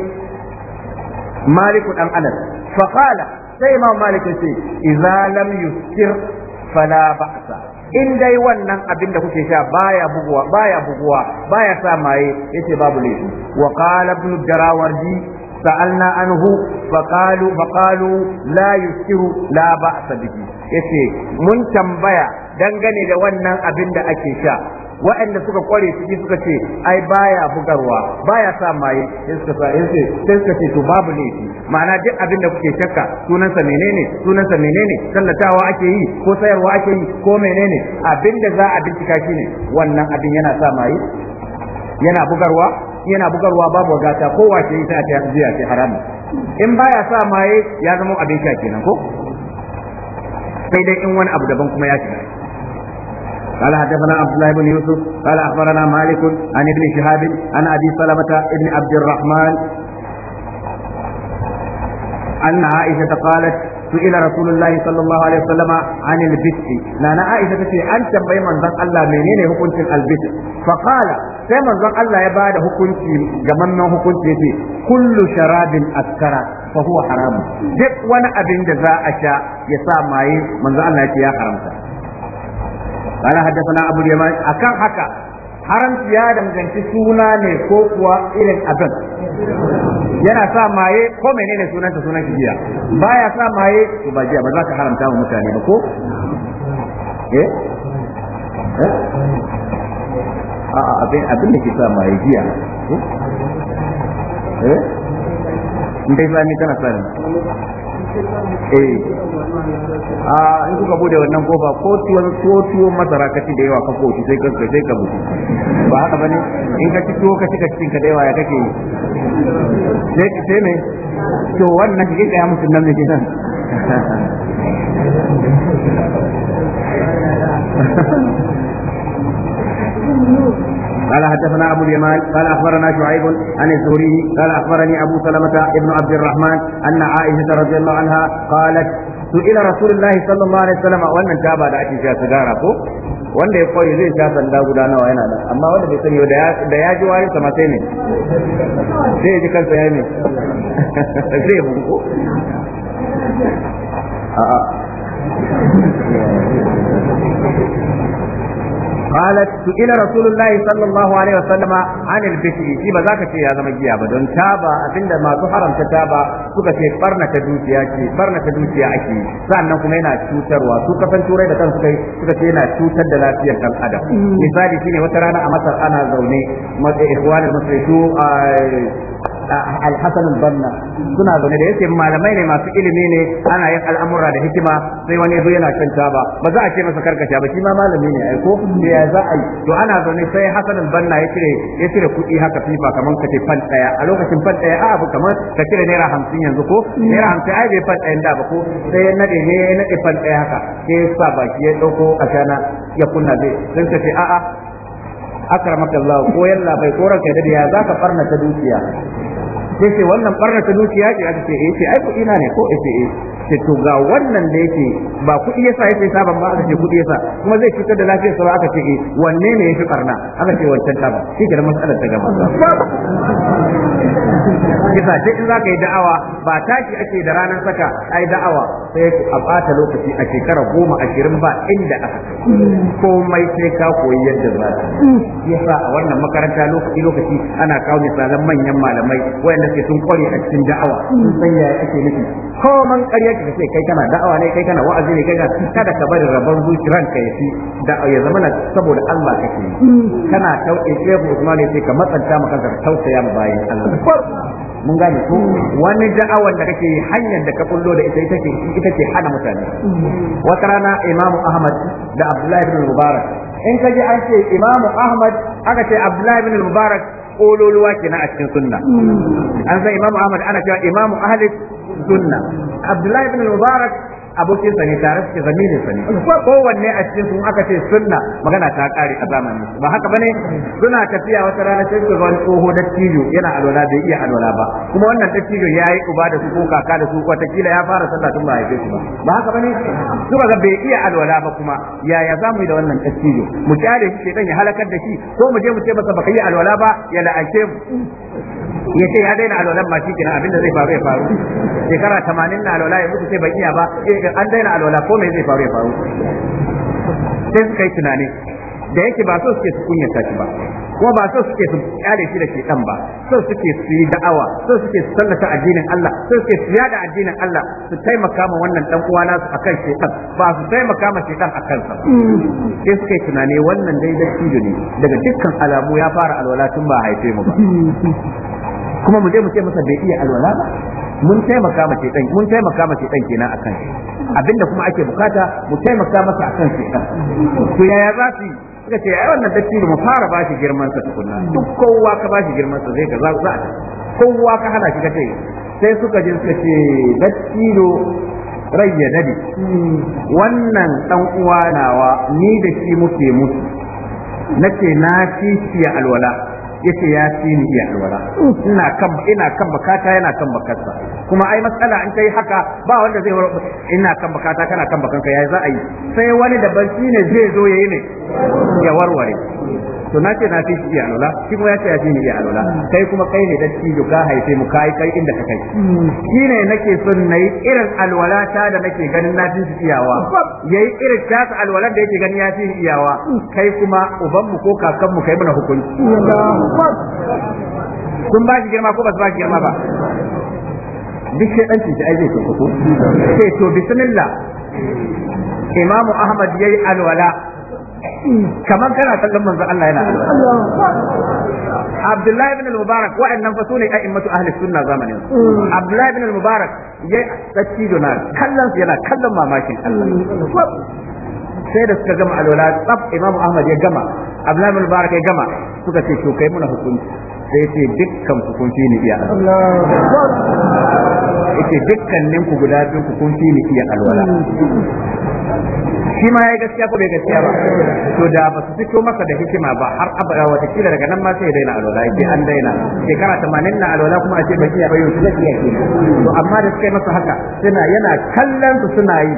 Maliku dan Anas fa qala sai ma Malik yace idza lam yuskir fala ba'sa in dai wannan abin da kuke sha baya buguwa baya buguwa baya sa maye yace babu laifi wa qala ibn jarawardi سألنا عنه فقالوا فقالوا لا يسكر لا بأس به yace mun tambaya dangane da wannan abin da ake sha waɗanda suka kware su suka ce ai baya bugarwa baya sa maye suka sa yace sai suka ce to babu laifi ma'ana duk abin da kuke shakka sunansa menene sunansa menene sallatawa ake yi ko sayarwa ake yi ko menene abin da za a bincika shine wannan abin yana sa maye yana bugarwa yana bugarwa babu gata ko wace yi sai ta jiya sai haramu in baya sa maye ya zama abin sha kenan ko sai dai in wani abu daban kuma ya shiga قال حدثنا عبد الله بن يوسف قال اخبرنا مالك عن ابن شهاب عن ابي سلمه بن عبد الرحمن ان عائشه قالت سئل رسول الله صلى الله عليه وسلم عن البت لا انا عائشه تتي ان تبين من ذات الله منين هو البت فقال sai manzon Allah ya bada hukunci ga manna hukunci yace kullu sharabin askara fa huwa haram duk wani abin da za a sha ya sa maye manzon Allah yace ya haramta قال حدثنا ابو اليمان akan haka haramci ya danganci suna ne ko kuwa irin abin yana sa maye ko menene ta sunan giya baya sa maye to ba jiya ba za ka haramta wa mutane ba ko eh, eh? a abin abin da ke sa ma ya eh? eh in kai ni tana sani eh a in kuka bude wannan kofa ko tuwa ko tuwa masara ka ci da yawa ka koshi sai ka sai ka buku ba haka bane in ka ci tuwa ka ci ka cikin ka da yawa ya kake sai sai ne to wannan shi ga musu nan ne kenan Thank you. قال حدثنا أبو اليمان قال أخبرنا شعيب عن الزهري قال أخبرني أبو سلمة ابن عبد الرحمن أن عائشة رضي الله عنها قالت سئل رسول الله صلى الله عليه وسلم وأن تابع دعتي شاسدارة wanda ya koyi zai sha sanda guda nawa yana nan amma wanda bai sani da ya ji wayin sa matai ne zai ji kansa ya ne zai bugu a'a qalat ina rasulullahi sallallahu alaihi wasallama anil bikri shi ba za ka ce ya zama giya ba don taba abinda masu haramta taba suka ce barna ta dukiya ake, barna ta dukiya ake sannan kuma yana cutarwa su kasan turai da kansu kai suka ce yana cutar da lafiyar kan adam misali shine wata rana a masar ana zaune masu ikhwanul muslimin al-hasan banna suna zaune da yake malamai ne masu ilimi ne ana yin al'amura da hikima sai wani zo yana kan ba ba za a ce masa karkasha ba shi ma malami ne ai ko ya za a yi to ana zaune sai hasan banna ya cire ya kire kuɗi haka fifa kaman kace fan daya a lokacin fan daya a abu kaman ka cire naira hamsin yanzu ko naira hamsin ai bai fan ɗayan da ba ko sai ya nade ne ya nade fan daya haka ke ya sa baki ya ɗauko a shana ya kunna zai sai ka ce a'a akramaka Allah ko yalla bai koran kai da ya zaka farna ta dukiya ce wannan barna ta dukiya ce aka ce eh ce ai kuɗi na ne ko eh eh ce to ga wannan da yake ba kuɗi yasa yake saban ba aka ce kuɗi yasa kuma zai cutar da lafiyar sa aka ce eh, wanne ne ya fi barna aka ce wancan ta ba shi kenan matsalar ta gaba kisa ce in zaka yi da'awa ba tashi ake da ranar saka ai da'awa sai a bata lokaci a shekara goma ashirin ba inda aka komai sai ka koyi yadda za ka yasa a wannan makaranta lokaci lokaci ana kawo misalan manyan malamai wayanda ce sun kware a cikin da'awa sun san yaya ake nufi ko man ƙarya ki sai kai kana da'awa ne kai kana wa'azi ne kai kana kada ka bari rabon zuciyar ka yafi da ya zama na saboda Allah kake yi kana tauke shehu Usman ne sai ka matsanta maka ka tausaya ma bayin Allah mun gane ko wani da'awar da kake hanyar da ka kullo da ita take ita ce hana mutane wata rana Imam Ahmad da Abdullahi ibn Mubarak in ka ji an ce Imam Ahmad aka ce Abdullahi ibn Mubarak kololuwa kenan a cikin sunna hmm. an san imamu ahmad ana cewa imamu ahli sunna abdullahi ibn mubarak abokin sa ne tare suke zaminin sa ne kowanne a cikin sun aka ce sunna magana ta kare a zamanin ba haka bane suna tafiya wata rana sai su wani tsoho da tijo yana alwala bai iya alwala ba kuma wannan da tijo yayi uba da su ko kaka da su watakila ya fara sallah tun ba haife su ba ba haka bane suka ga bai iya alwala ba kuma yaya za mu yi da wannan da tijo mu kyale shi dan ya halakar da shi ko mu je mu ce masa baka yi alwala ba ya la'ake mu ya ce ya daina alwalan ma shi kenan abinda zai faru ya faru shekara tamanin na alwala ya mutu sai ban ba an daina alwala ko mai zai faru ya faru sai suka yi tunani da yake ba so suke su kunyata shi ba kuma ba so suke su kyale shi da ke dan ba so suke su yi da'awa so suke su sallata addinin Allah so suke su yada addinin Allah su taimaka ma wannan dan uwa nasu akan shedan ba su taimaka ma shedan akan sa sai suke tunani wannan dai da ne daga dukkan alamu ya fara alwala tun ba haife mu ba kuma mu je mu ce masa bai iya alwala ba mun taimaka mace dan mun taimaka mace dan kenan akan shi abinda kuma ake bukata mu taimaka masa akan shi dan to yaya za su suka ce ai wannan dattijo mu fara ba shi girman sa tukunna duk kowa ka ba shi girman sa zai ga za za kowa ka hana shi kace sai suka je suka ce dattijo rai ya dade wannan dan uwa nawa ni da shi muke mutu nace na kishiya alwala yace ya fi ni iya alwala ina kan ina kan bakata yana kan bakarsa kuma ai matsala ta kai haka ba wanda zai ina kan bakata kana kan bakanka yayi za a yi sai wani daban shine zai zo yayi ne ya warware to na ce na fi shi iya alola shi kuma ya ce ya fi ni iya alola hmm. kai kuma kai ne dattijo ka haife mu kai kai inda ka kai hmm. shi ne nake son nayi irin alwala ta da nake ganin na fi shi iyawa yayi irin ta alwala da yake ganin ya fi iyawa hmm. kai kuma uban mu ko kakan mu kai mana hukunci kun ba shi girma ko ba su ba shi girma ba duk sai dan cinci ai zai ko ko eh, to bismillah imamu ahmad yayi alwala kamar kana kallon manzon Allah yana Abdullahi ibn al-Mubarak wa'annan fa sune a'immatu ahli sunna zamanin mm. Abdullahi ibn al-Mubarak ya tsaki dona kallon yana kallon mamakin Allah sai da suka gama alwala tsaf Imam Ahmad ya gama Abdullahi ibn al-Mubarak ya gama suka ce to kai muna hukunci sai ce dukkan hukunci ni iya yake dukkanin ku guda biyu ku kun ni iya alwala mm. shi ma ya gaskiya ko bai gaskiya ba to da ba su fito masa da hikima ba har abada wata kila daga nan ma sai ya daina alwala yake an daina shekara tamanin na alwala kuma a ce ba ba bayo shi zai iya to amma da suka yi masa haka suna yana kallon su suna yi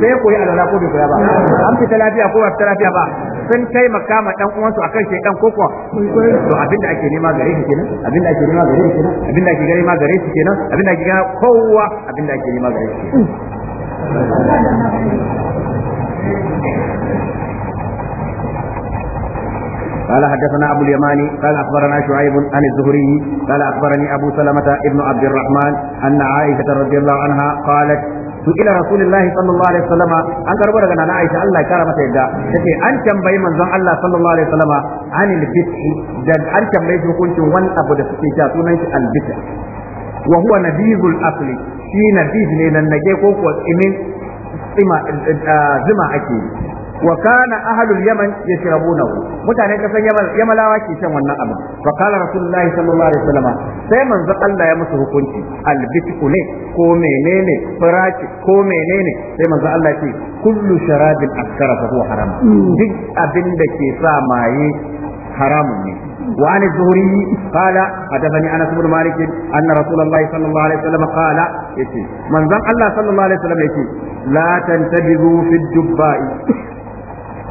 sai ya koyi alwala ko bai koya ba an fita lafiya ko ba fita lafiya ba sun kai ma dan uwansu akan shi dan kokon to abinda ake nema gare shi kenan abinda ake nema gare shi kenan abinda ake gare ma gare shi kenan abinda ake gare kowa abinda ake nema gare shi قال حدثنا أبو اليماني قال أخبرنا شعيب عن الزهري قال أخبرني أبو سلمة ابن عبد الرحمن أن عائشة رضي الله عنها قالت سئل رسول الله صلى الله عليه وسلم أن كربوا لنا عائشة الله كرمة يدا تكي أن كم بي من زن الله صلى الله عليه وسلم عن البتح أن كم بي كنت وان أبو دفتي شاتونيش البتح wa huwa nabizul shi nabiz ne nan nage ko ko tsimin zima eh, ake wa kana ahlul yaman yashrabunahu mutane kasan yamalawa ke shan wannan abin fa qala rasulullahi sallallahu alaihi wasallam sai manzo Allah ya musu hukunci albitku ne ko menene ko menene sai manzo Allah ya ce kullu sharabin askara fa huwa haram mm. duk abin da ke sa maye haramun ne وعن الزهري قال حدثني انس بن مالك ان رسول الله صلى الله عليه وسلم قال من ذم الله صلى الله عليه وسلم يتي لا تنتبذوا في الجباء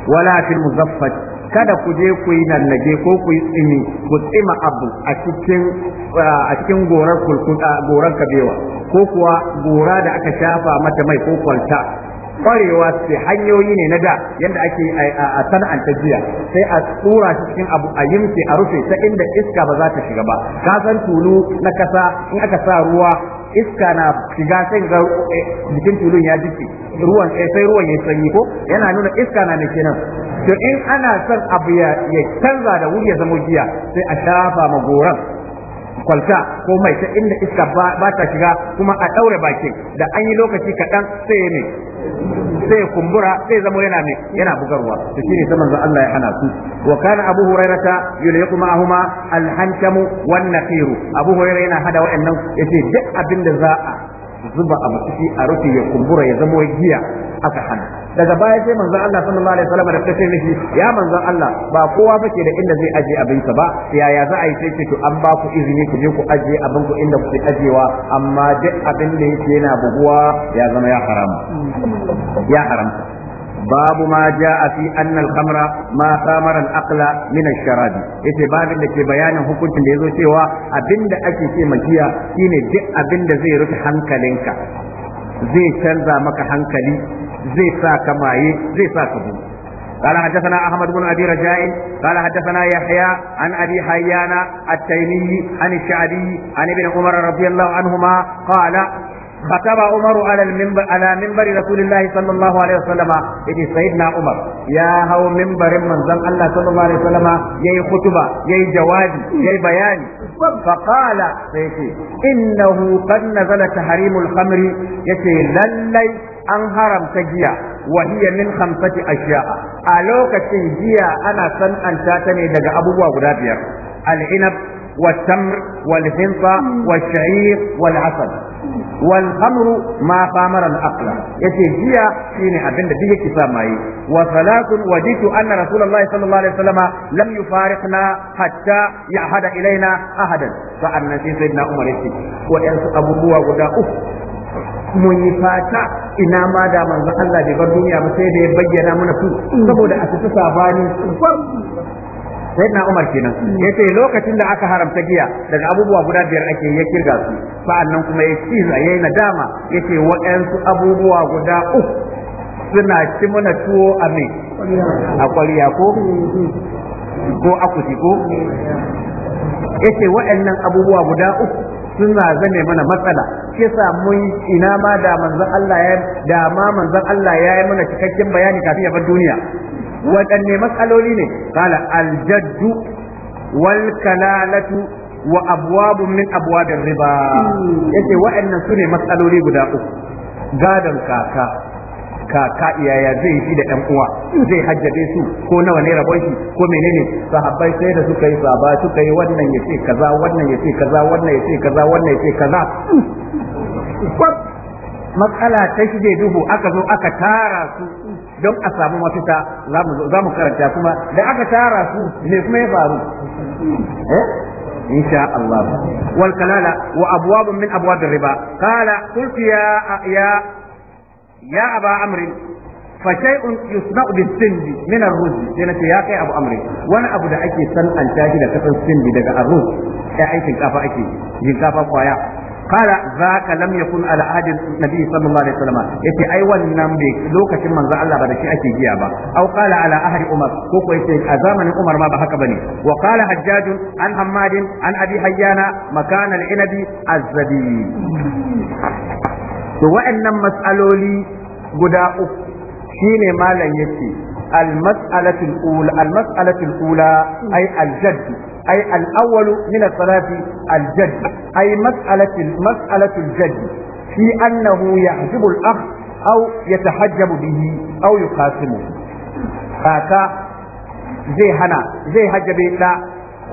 ولا في المزفت kada ku je ku yi nallage ko ku yi tsimi ku tsima abu a cikin a cikin gorar kulkun gorar kabewa ko kuwa gora da aka shafa mata mai ko kwalta kwarewa sai hanyoyi ne na da yadda ake a sana'anta jiya sai a tsura shi cikin abu a yimke a rufe ta inda iska ba za ta shiga ba ka san tulu na kasa in aka sa ruwa iska na shiga sai ga eh, jikin tulun ya jike ruwan eh, sai ruwan ya sanyi ko yana nuna iska na ne kenan to in ana son abu ya canza da wuri ya zama jiya sai a shafa ma goran kwalta ko mai ta inda iska ba ta shiga kuma a daure bakin da an yi lokaci kaɗan sai ne sai kumbura sai zama yana ne yana bugarwa to shine sai manzo Allah ya hana su wa kana Abu Hurairata yuliqu ma'ahuma huma hantamu wan naqir Abu Hurairah yana hada wa'annan yace duk abin da za a zuba a ciki a rufe ya kumbura ya zama giya aka hana daga baya sai manzon Allah sallallahu alaihi wasallam da kace ya manzon Allah ba kowa bace da inda zai aje abin sa ba yaya za a yi sai ce to an ba ku izini ku je ku aje abin ku inda kuke ajewa amma duk abin da yake yana buguwa ya zama ya haramu ya haramta باب ما al في أن الخمر ما ثامر الأقل من الشراب yace babin da ke bayanin hukuncin da ya zo cewa abinda ake ce majiya shine duk abinda zai rufe hankalinka zai canza maka hankali زي ساك ماي زي ساك بو قال حدثنا احمد بن ابي رجاء قال حدثنا يحيى عن ابي حيان التيمي عن الشعبي عن ابن عمر رضي الله عنهما قال خطب عمر على المنبر على منبر رسول الله صلى الله عليه وسلم يجي سيدنا عمر يا هو منبر من زن الله صلى الله عليه وسلم يي خطبة يي جوادي يي بيان فقال سيدي إنه قد نزل تحريم الخمر يتي للي an haramta giya wa hiya min khamsati ashiya'a a lokacin giya ana san'anta ta ne daga abubuwa guda biyar al-inab والتمر والحنطة والشعير والعسل والخمر ما قامر العقل يتي هي شيني أبن به كسامي وثلاث وجدت أن رسول الله صلى الله عليه وسلم لم يفارقنا حتى يعهد إلينا أحدا فأنا سيدنا عمر يتي وإنس أبو بوا ودا أف mun yi fata ina ma da manzo Allah bai bar duniya ba sai da ya bayyana mana su saboda a cikin sabani sai na Umar kenan yace lokacin da aka haramta giya daga abubuwa guda biyar ake ya kirga su sa'annan kuma ya ci yayi nadama yace waɗansu abubuwa guda uku suna ci mana tuwo a me a kwariya ko ko akuti ko yace waɗannan abubuwa guda uku suna zane mana matsala kisa mun ina ma da manzon Allah ya da ma manzon Allah ya yi mana cikakken bayani kafin ya bar duniya waɗanne matsaloli ne kala aljaddu wal kalalatu wa abwabun min abwabir riba hmm. yace waɗannan su ne matsaloli guda uku gadan kaka kaka iyaya zai shi da ɗan uwa zai hajjade su ko nawa ne rabon shi ko menene sahabbai sai da suka yi saba suka yi wannan ya ce kaza wannan ya ce kaza wannan ya ce kaza wannan ya ce kaza matsala ta shige duhu aka zo aka tara su don a samu mafita za mu karanta kuma da aka tara su me kuma ya faru إن شاء الله والكلالة وأبواب من أبواب الربا قال قلت يا يا ya aba amrin fa shay'un yusna'u bis-sindi min ar ya kai abu amrin wani abu da ake san'anta shi da kasan sindi daga aru ruzd sai ake yin kwaya قال ذاك لم يكن على عهد النبي صلى الله عليه وسلم yace ai wannan bai lokacin manzo Allah ba da shi ake giya ba aukala qala umar ko ko yace a zamanin umar ma ba haka ba ne, Wakala Hajjajun an hammad an abi hayyana makan inabi az to waɗannan mas'aloli guda uku shine malam yake al-mas'alatu al-ula al-mas'alatu al-ula ay al-jadd ay al-awwal min as-salati al-jadd ay mas'alatu mas'alatu al-jadd fi annahu yahjibu al-akh aw yatahajjabu bihi aw yuqasimu kaka zai hana zai hajjabe da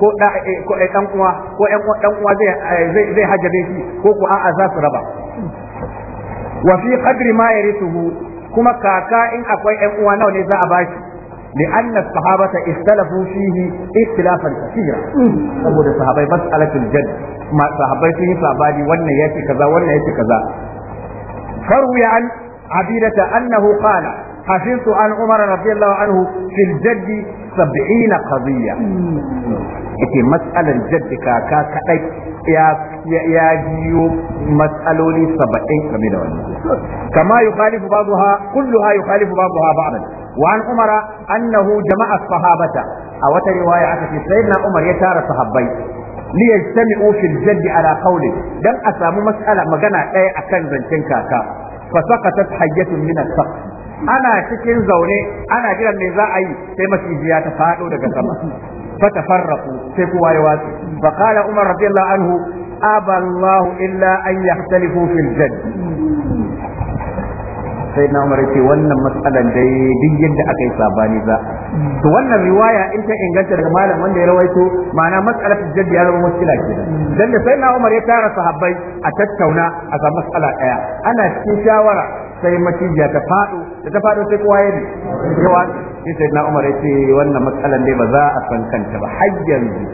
ko da eh, ko eh, ɗan uwa eh, zai zai hajjabe shi ko ko a'a za su raba wa fi qadri ma yarithuhu kuma kaka in akwai ɗan uwa nawa ne za a bashi li anna sahabata ikhtalafu fihi ikhtilafan kathira saboda sahabbai bas alakin jad ma sahabbai sun yi sabani wannan yake kaza wannan yake kaza farwi an abidata annahu qala حفظت عن عمر رضي الله عنه في الجد سبعين قضية. إتي مسألة الجد كاكا كاي يا ya biyo matsaloli saba'in game da wannan kama yukhalifu ba'daha kulluha yukhalifu wa an umara annahu jama'a sahabata a wata riwaya aka ce na umar ya tara sahabbai li yajtami'u fil jaddi ala qawli dan a samu matsala magana ɗaya akan zancen kaka fa saqatat hayyatun min as ana cikin zaune ana jiran me za a yi sai macijiya ta fado daga sama kowa ya يواتي فقال عمر رضي الله عنه aba Allah illa an yahtalifu fil jadd sai na umar ce wannan matsalan duk yadda aka sabani za to wannan riwaya in ta inganta daga malam wanda ya rawaito ma'ana matsalar jaddi ya zama muskila kenan dan sai na umar ya tara sahabbai a tattauna a ga matsala daya ana cikin shawara sai matijiya ta fado da ta fado sai kowa ya ne yawa sai na umar ya ce wannan matsalan dai ba za a san kanta ba har yanzu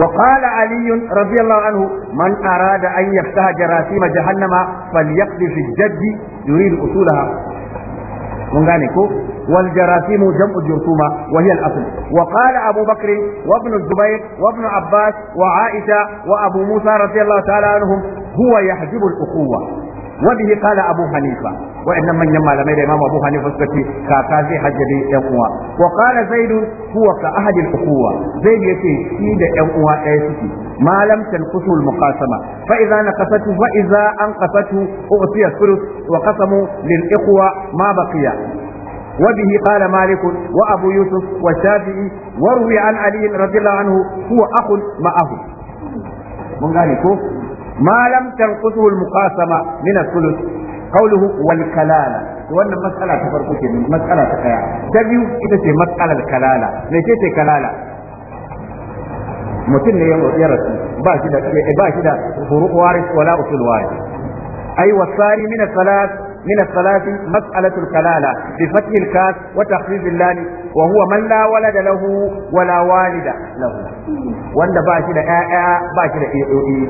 وقال علي رضي الله عنه من أراد أن يفتح جراثيم جهنم فليقضي في الجد يريد أصولها منغانيكو والجراثيم جمع جرثومة وهي الأصل وقال أبو بكر وابن الزبير وابن عباس وعائشة وأبو موسى رضي الله تعالى عنهم هو يحجب الأخوة wanda ya kala abu hanifa wa'annan manyan malamai da imamu abu hanifa suka ce kaka zai hajjabe yan uwa wa kala Zaidu, huwa ka ahadi al-ukhuwa ya ce shi da yan uwa ɗaya suke malam tanqusu al-muqasama fa idza naqasatu wa idza anqasatu u'tiya thuluth wa qasamu lil-ikhwa ma baqiya وبه wa abu yusuf يوسف والشافعي وروي عن علي رضي الله عنه هو أخ معه mun gane ko ما لم تنقصه المقاسمة من الثلث قوله والكلالة wannan matsala ta farko ke matsala ta kaya ta biyu ita ce matsalar kalala me ce kalala mutum ne ya rasu ba shi da ba shi من الصلاة مسألة الكلالة بفتح الكاس وتخفيف اللام وهو من لا ولد له ولا والد له وأن باشد آآ باشد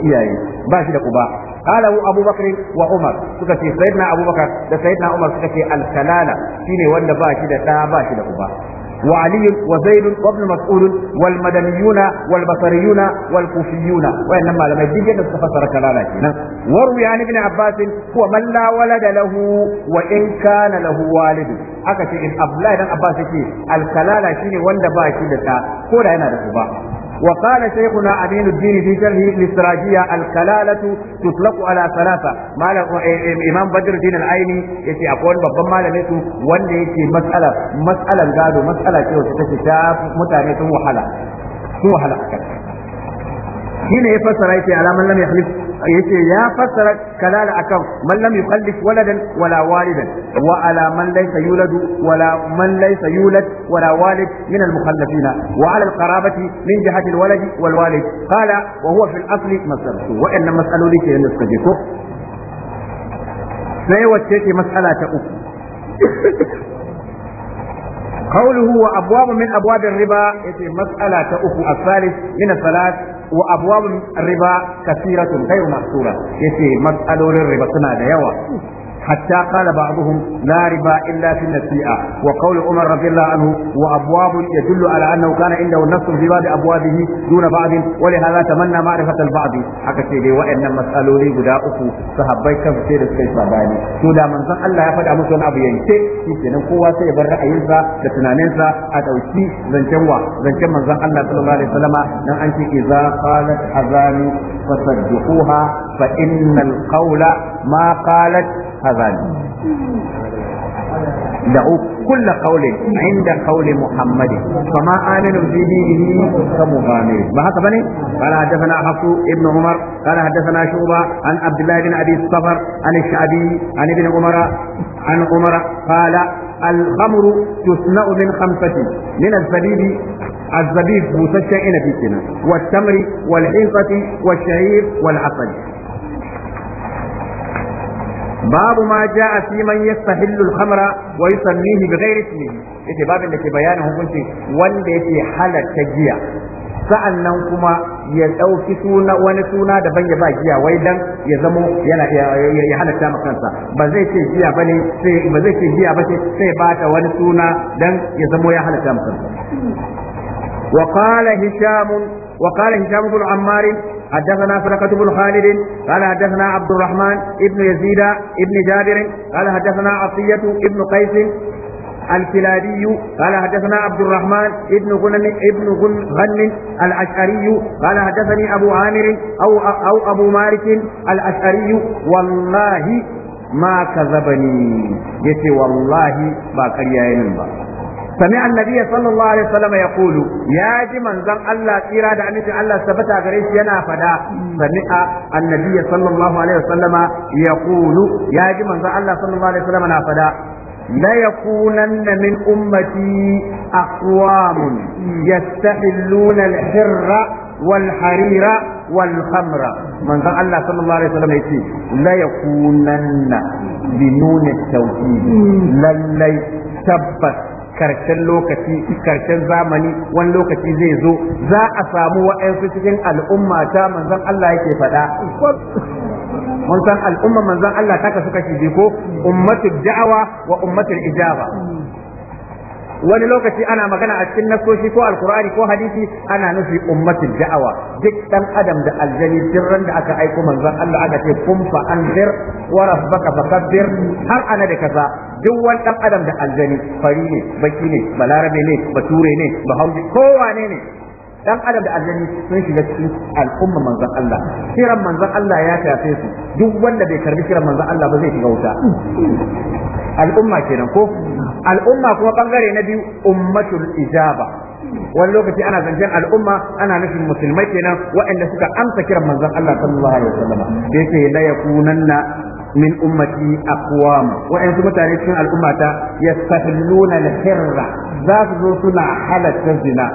إياي باشد قباء قاله أبو بكر وعمر سكتي سيدنا أبو بكر سيدنا عمر سكتي الكلالة شيني وأن باشد آآ باشد قباء وعلي وزيد وابن مسعود والمدنيون والبصريون والكوفيون وإنما لما يجي تفسر كلاما وروي عن ابن عباس هو من لا ولد له وإن كان له والد aka ce in Abdullahi dan Abbas yake alkalala shine wanda ba shi da ta ko da yana da uba وقال شيخنا أمين الدين في شرحه الاستراجية الكلالة تطلق على ثلاثة ما إمام بدر الدين العيني يتي أقول بابا ما لميته وان يتي مسألة مسألة قالوا مسألة كيو تتشاف متاني سوى حلا سوى حلا شين يفسر يتي على من لم يخلف yace ya fassara kalala akan man lam yukhallif waladan wala walidan wa ala man laysa yuladu wala man laysa yulad wala walid min al mukhallafina wa ala al qarabati min jihati al walad wal walid qala wa huwa fi al asl masdar wa inna mas'aloli ke da suka je ko sai wacce ce mas'ala ta uku قوله وأبواب من أبواب الربا مسألة أخو الثالث من الثلاث wa abwabun riba kasiratun ghayr mahsura yace matsalolin riba suna da yawa حتى قال بعضهم لا ربا إلا في النسيئة وقول عمر رضي الله عنه وأبواب يدل على أنه كان عنده نص في بعض أبوابه دون بعض ولهذا تمنى معرفة البعض حكى سيدي وإن مسألوا لي قد أخو صحبيك في سير السيف باني سودا من ظن الله يفدع مسلم أبو ينسي يمكن أن قوة سيبر رأيينسا لتنانينسا أتوشي زنجوا زنجم من ظن الله صلى الله عليه وسلم نعم أنت إذا قالت أذاني فصدقوها فإن القول ما قالت خزعلي دعوا كل قول عند قول محمد فما آمنوا في دينه كمغامر ما هذا بني قال حدثنا حفص ابن عمر قال حدثنا شعبة عن عبد الله بن أبي الصفر عن الشعبي عن ابن عمر عن عمر قال الخمر تصنع من خمسة من الزبيب الزبيب في السنة والتمر والحنطة والشعير والعسل babu ma ja'a fi man yastahillu al-khamra wa yusammihi bighairi ismihi yace babin da ke bayanin hukunci wanda yake halatta giya sa'annan kuma ya ɗauki suna wani suna daban ya ba giya wai dan ya zamo yana ya halatta ma kansa ba zai ce giya bane sai ba zai ce giya bace sai ba ta wani suna dan ya zamo ya halatta ma kansa wa qala hisham وقال هشام بن عمار حدثنا سرقة بن خالد قال حدثنا عبد الرحمن ابن يزيد ابن جابر قال حدثنا عطية ابن قيس الكلابي قال حدثنا عبد الرحمن ابن غنم ابن غنم الاشعري قال حدثني ابو عامر او او ابو مالك الاشعري والله ما كذبني يتي والله ما كريا ba سمع النبي صلى الله عليه وسلم يقول يا جمن زن الله تيرا دا أميت الله سبتا غريش ينا فدا سمع النبي صلى الله عليه وسلم يقول يا جمن زن الله صلى الله عليه وسلم نا فدا لا يكونن من أمتي أقوام يستحلون الحر والحرير والخمر من ذا الله صلى الله عليه وسلم يقول لا يكونن بنون التوحيد للي تبت karshen lokaci karshen zamani wani lokaci zai zo za a samu wayansu cikin al'umma ta manzon Allah yake faɗa mun san al'umma manzon Allah ta kasu kashi ko ummatir da'awa wa ummatir ijaba wani lokaci ana magana a cikin nasoshi ko alkur'ani ko hadisi ana nufi ummatin da'awa duk dan adam da aljani sirran da aka aiko manzon Allah aka ce kun fa anzir wa rabbaka fakabbir har ana da kaza duk wani dan adam da aljani fari ne baki ne balarabe ne bature ne bahaushe kowane ne dan adam da aljani sun shiga cikin al'umma manzon Allah kiran manzon Allah ya tafe su duk wanda bai karbi kiran manzon Allah ba zai shiga wuta al'umma kenan ko al'umma kuma bangare na biyu ummatul ijaba wani lokaci ana zancen al'umma ana nufin musulmai kenan waɗanda suka amsa kiran manzon Allah sallallahu alaihi wasallam da yake la yakunanna min ummati aqwam wa'ansu mutane cikin al'ummata yastahilluna al-hirra za su zo suna halatta zina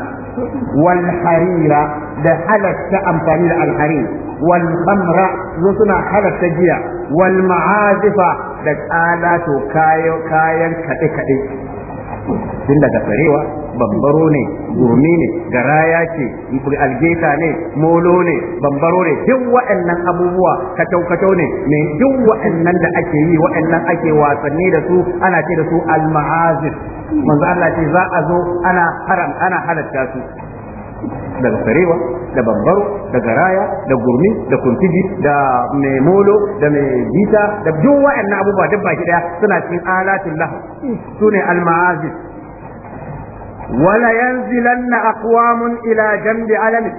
wal harira da halatta amfani da al harir wal khamra suna halatta giya wal ma'azifa da kalato kayan kayan kaɗe-kaɗe, tun daga farewa bambaro ne gurmi ne garaya ce algeta ne molo ne bambaro ne duk waɗannan abubuwa kacau kacau ne ne duk waɗannan da ake yi waɗannan ake wasanni da su ana ce da su al manzo Allah ce za a zo ana haram ana halatta su daga sarewa da bambaro da garaya da gurmi da kuntiji da mai molo da mai bita da duk wa'annan abubuwa duk baki daya suna cikin alatin lahu su ne alma'azis wala yanzilanna aqwamun ila jambi alamin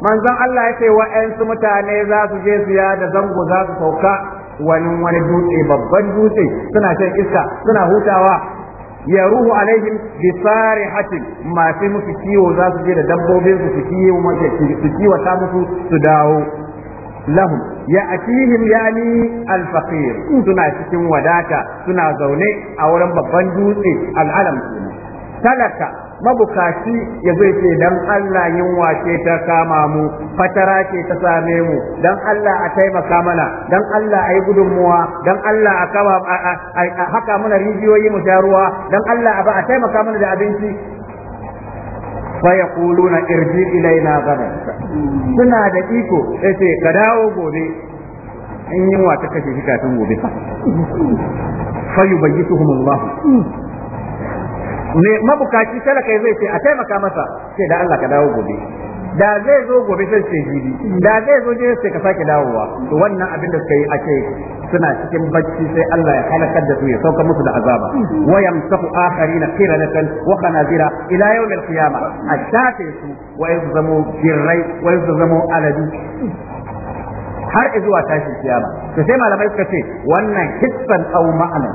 manzon Allah yace wa'ansu mutane za su je siya da zango za su sauka wani wani dutse babban dutse suna shan iska suna hutawa ya ruhu alaihim bi sarihatin masu musu kiwo za su je da dabbobin su su kiwo ta musu su dawo lahum ya atihim yani alfaqir suna cikin wadata suna zaune a wurin babban dutse al'alam talaka mabukaci ya zai ce dan Allah yunwa ce ta kama mu fatara ce ta same mu dan Allah a taimaka mana dan Allah a yi gudunmuwa dan Allah a kawa haka mana rijiyoyi mu sha ruwa dan Allah a ba a taimaka mana da abinci fayaquluna irji ilaina gaba. suna da iko sai ka dawo gobe in yunwa ta kashe shi kafin gobe fa yubayyituhum Allah me mabukaci talaka zai ce a taimaka masa sai da Allah ka dawo gobe da zai zo gobe sai sai jibi da zai zo je sai ka sake dawowa to wannan abin da suka yi ake suna cikin bacci sai Allah ya halakar da su ya sauka musu da azaba wa yamsaku akharina qiranatan wa zira, ila yawm al a ashafe su wa yuzamu jirrai wa yuzamu aladu har zuwa tashin kiyama to sai malamai suka ce wannan hisban au ma'ana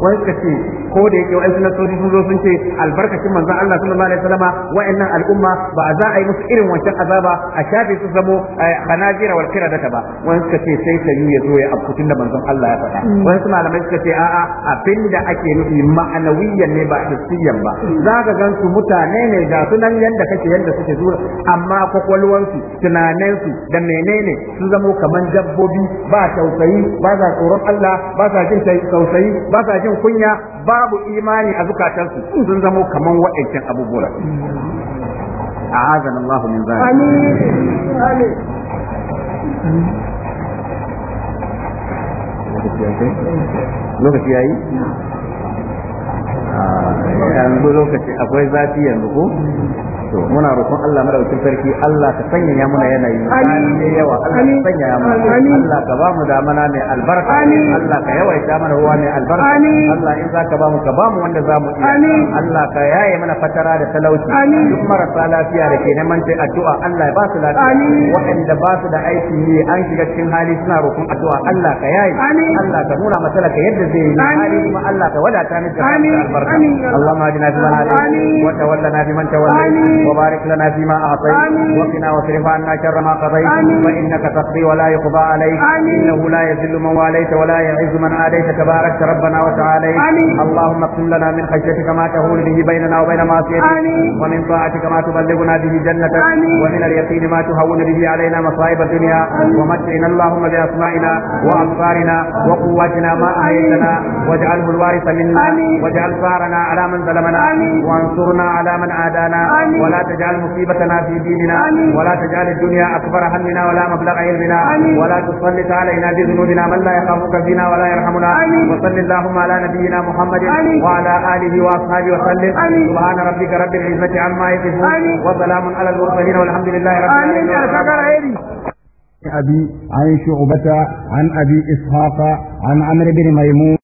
wai suka ce ko da yake wa'ansu sun zo sun ce albarkacin manzon Allah sallallahu alaihi wasallama wa'annan al'umma ba za a yi musu irin wancan azaba a shafe su zamo eh, khanazira wal qiradata ba wani suka ce sai sayu ya zo ya abkutun da manzon Allah ya faɗa mm. wani su malamai suka ce a'a da ake nufi ma'anawiyan ne ba hissiyan ba za ka gan su mutane ne ga sunan yanda kake yanda suke zuwa amma kwakwalwansu tunaninsu da menene su zamo kaman dabbobi ba tausayi ba sa tsoron Allah ba sa jin tausayi ba sa jin jin kunya babu imani a zukatansu sun zamo kaman wa'ancan abubuwa a'azana Allah min zalik amin lokaci yayi yanzu lokaci akwai zafi yanzu ko to muna roƙon Allah madaukakin sarki Allah ka sanya ya muna yanayi ne yawa Allah ka sanya ya muna Allah ka ba mu damana mai albarka Allah ka yawaita mana ruwa mai albarka Allah in za ka ba mu ka ba mu wanda za mu iya Allah ka yaye mana fatara da talauci duk marasa lafiya da ke neman ta addu'a Allah ya ba su lafiya waɗanda ba su da aiki ne an shiga cikin hali suna roƙon addu'a Allah ka yaye Allah ka nuna masa ka yadda zai yi hali kuma Allah ka wadata ni da albarka Allahumma hadina fi man hadayt wa tawallana fi man tawallayt وبارك لنا فيما أعطيت وقنا واصرف عنا شر ما قضيت فإنك تقضي ولا يقضى عليك إنه لا يذل من واليت ولا يعز من عاديت تبارك ربنا وتعالى اللهم اقسم لنا من خشيتك ما تهون به بيننا وبين معصيتك ومن طاعتك ما تبلغنا به جنتك ومن اليقين ما تهون به علينا مصائب الدنيا ومتعنا اللهم بأسمائنا وأبصارنا وقواتنا ما أحييتنا واجعله الوارث منا واجعل ثارنا على من ظلمنا وانصرنا على من عادانا ولا تجعل مصيبتنا في ديننا ولا تجعل الدنيا أكبر همنا ولا مبلغ علمنا ولا تسلط علينا بذنوبنا من لا يخافك فينا ولا يرحمنا وصل اللهم على نبينا محمد وعلى آله وأصحابه وسلم سبحان ربك رب العزة عما يصفون وسلام على المرسلين والحمد لله رب العالمين أبي عن شعبة عن أبي إسحاق عن عمرو بن ميمون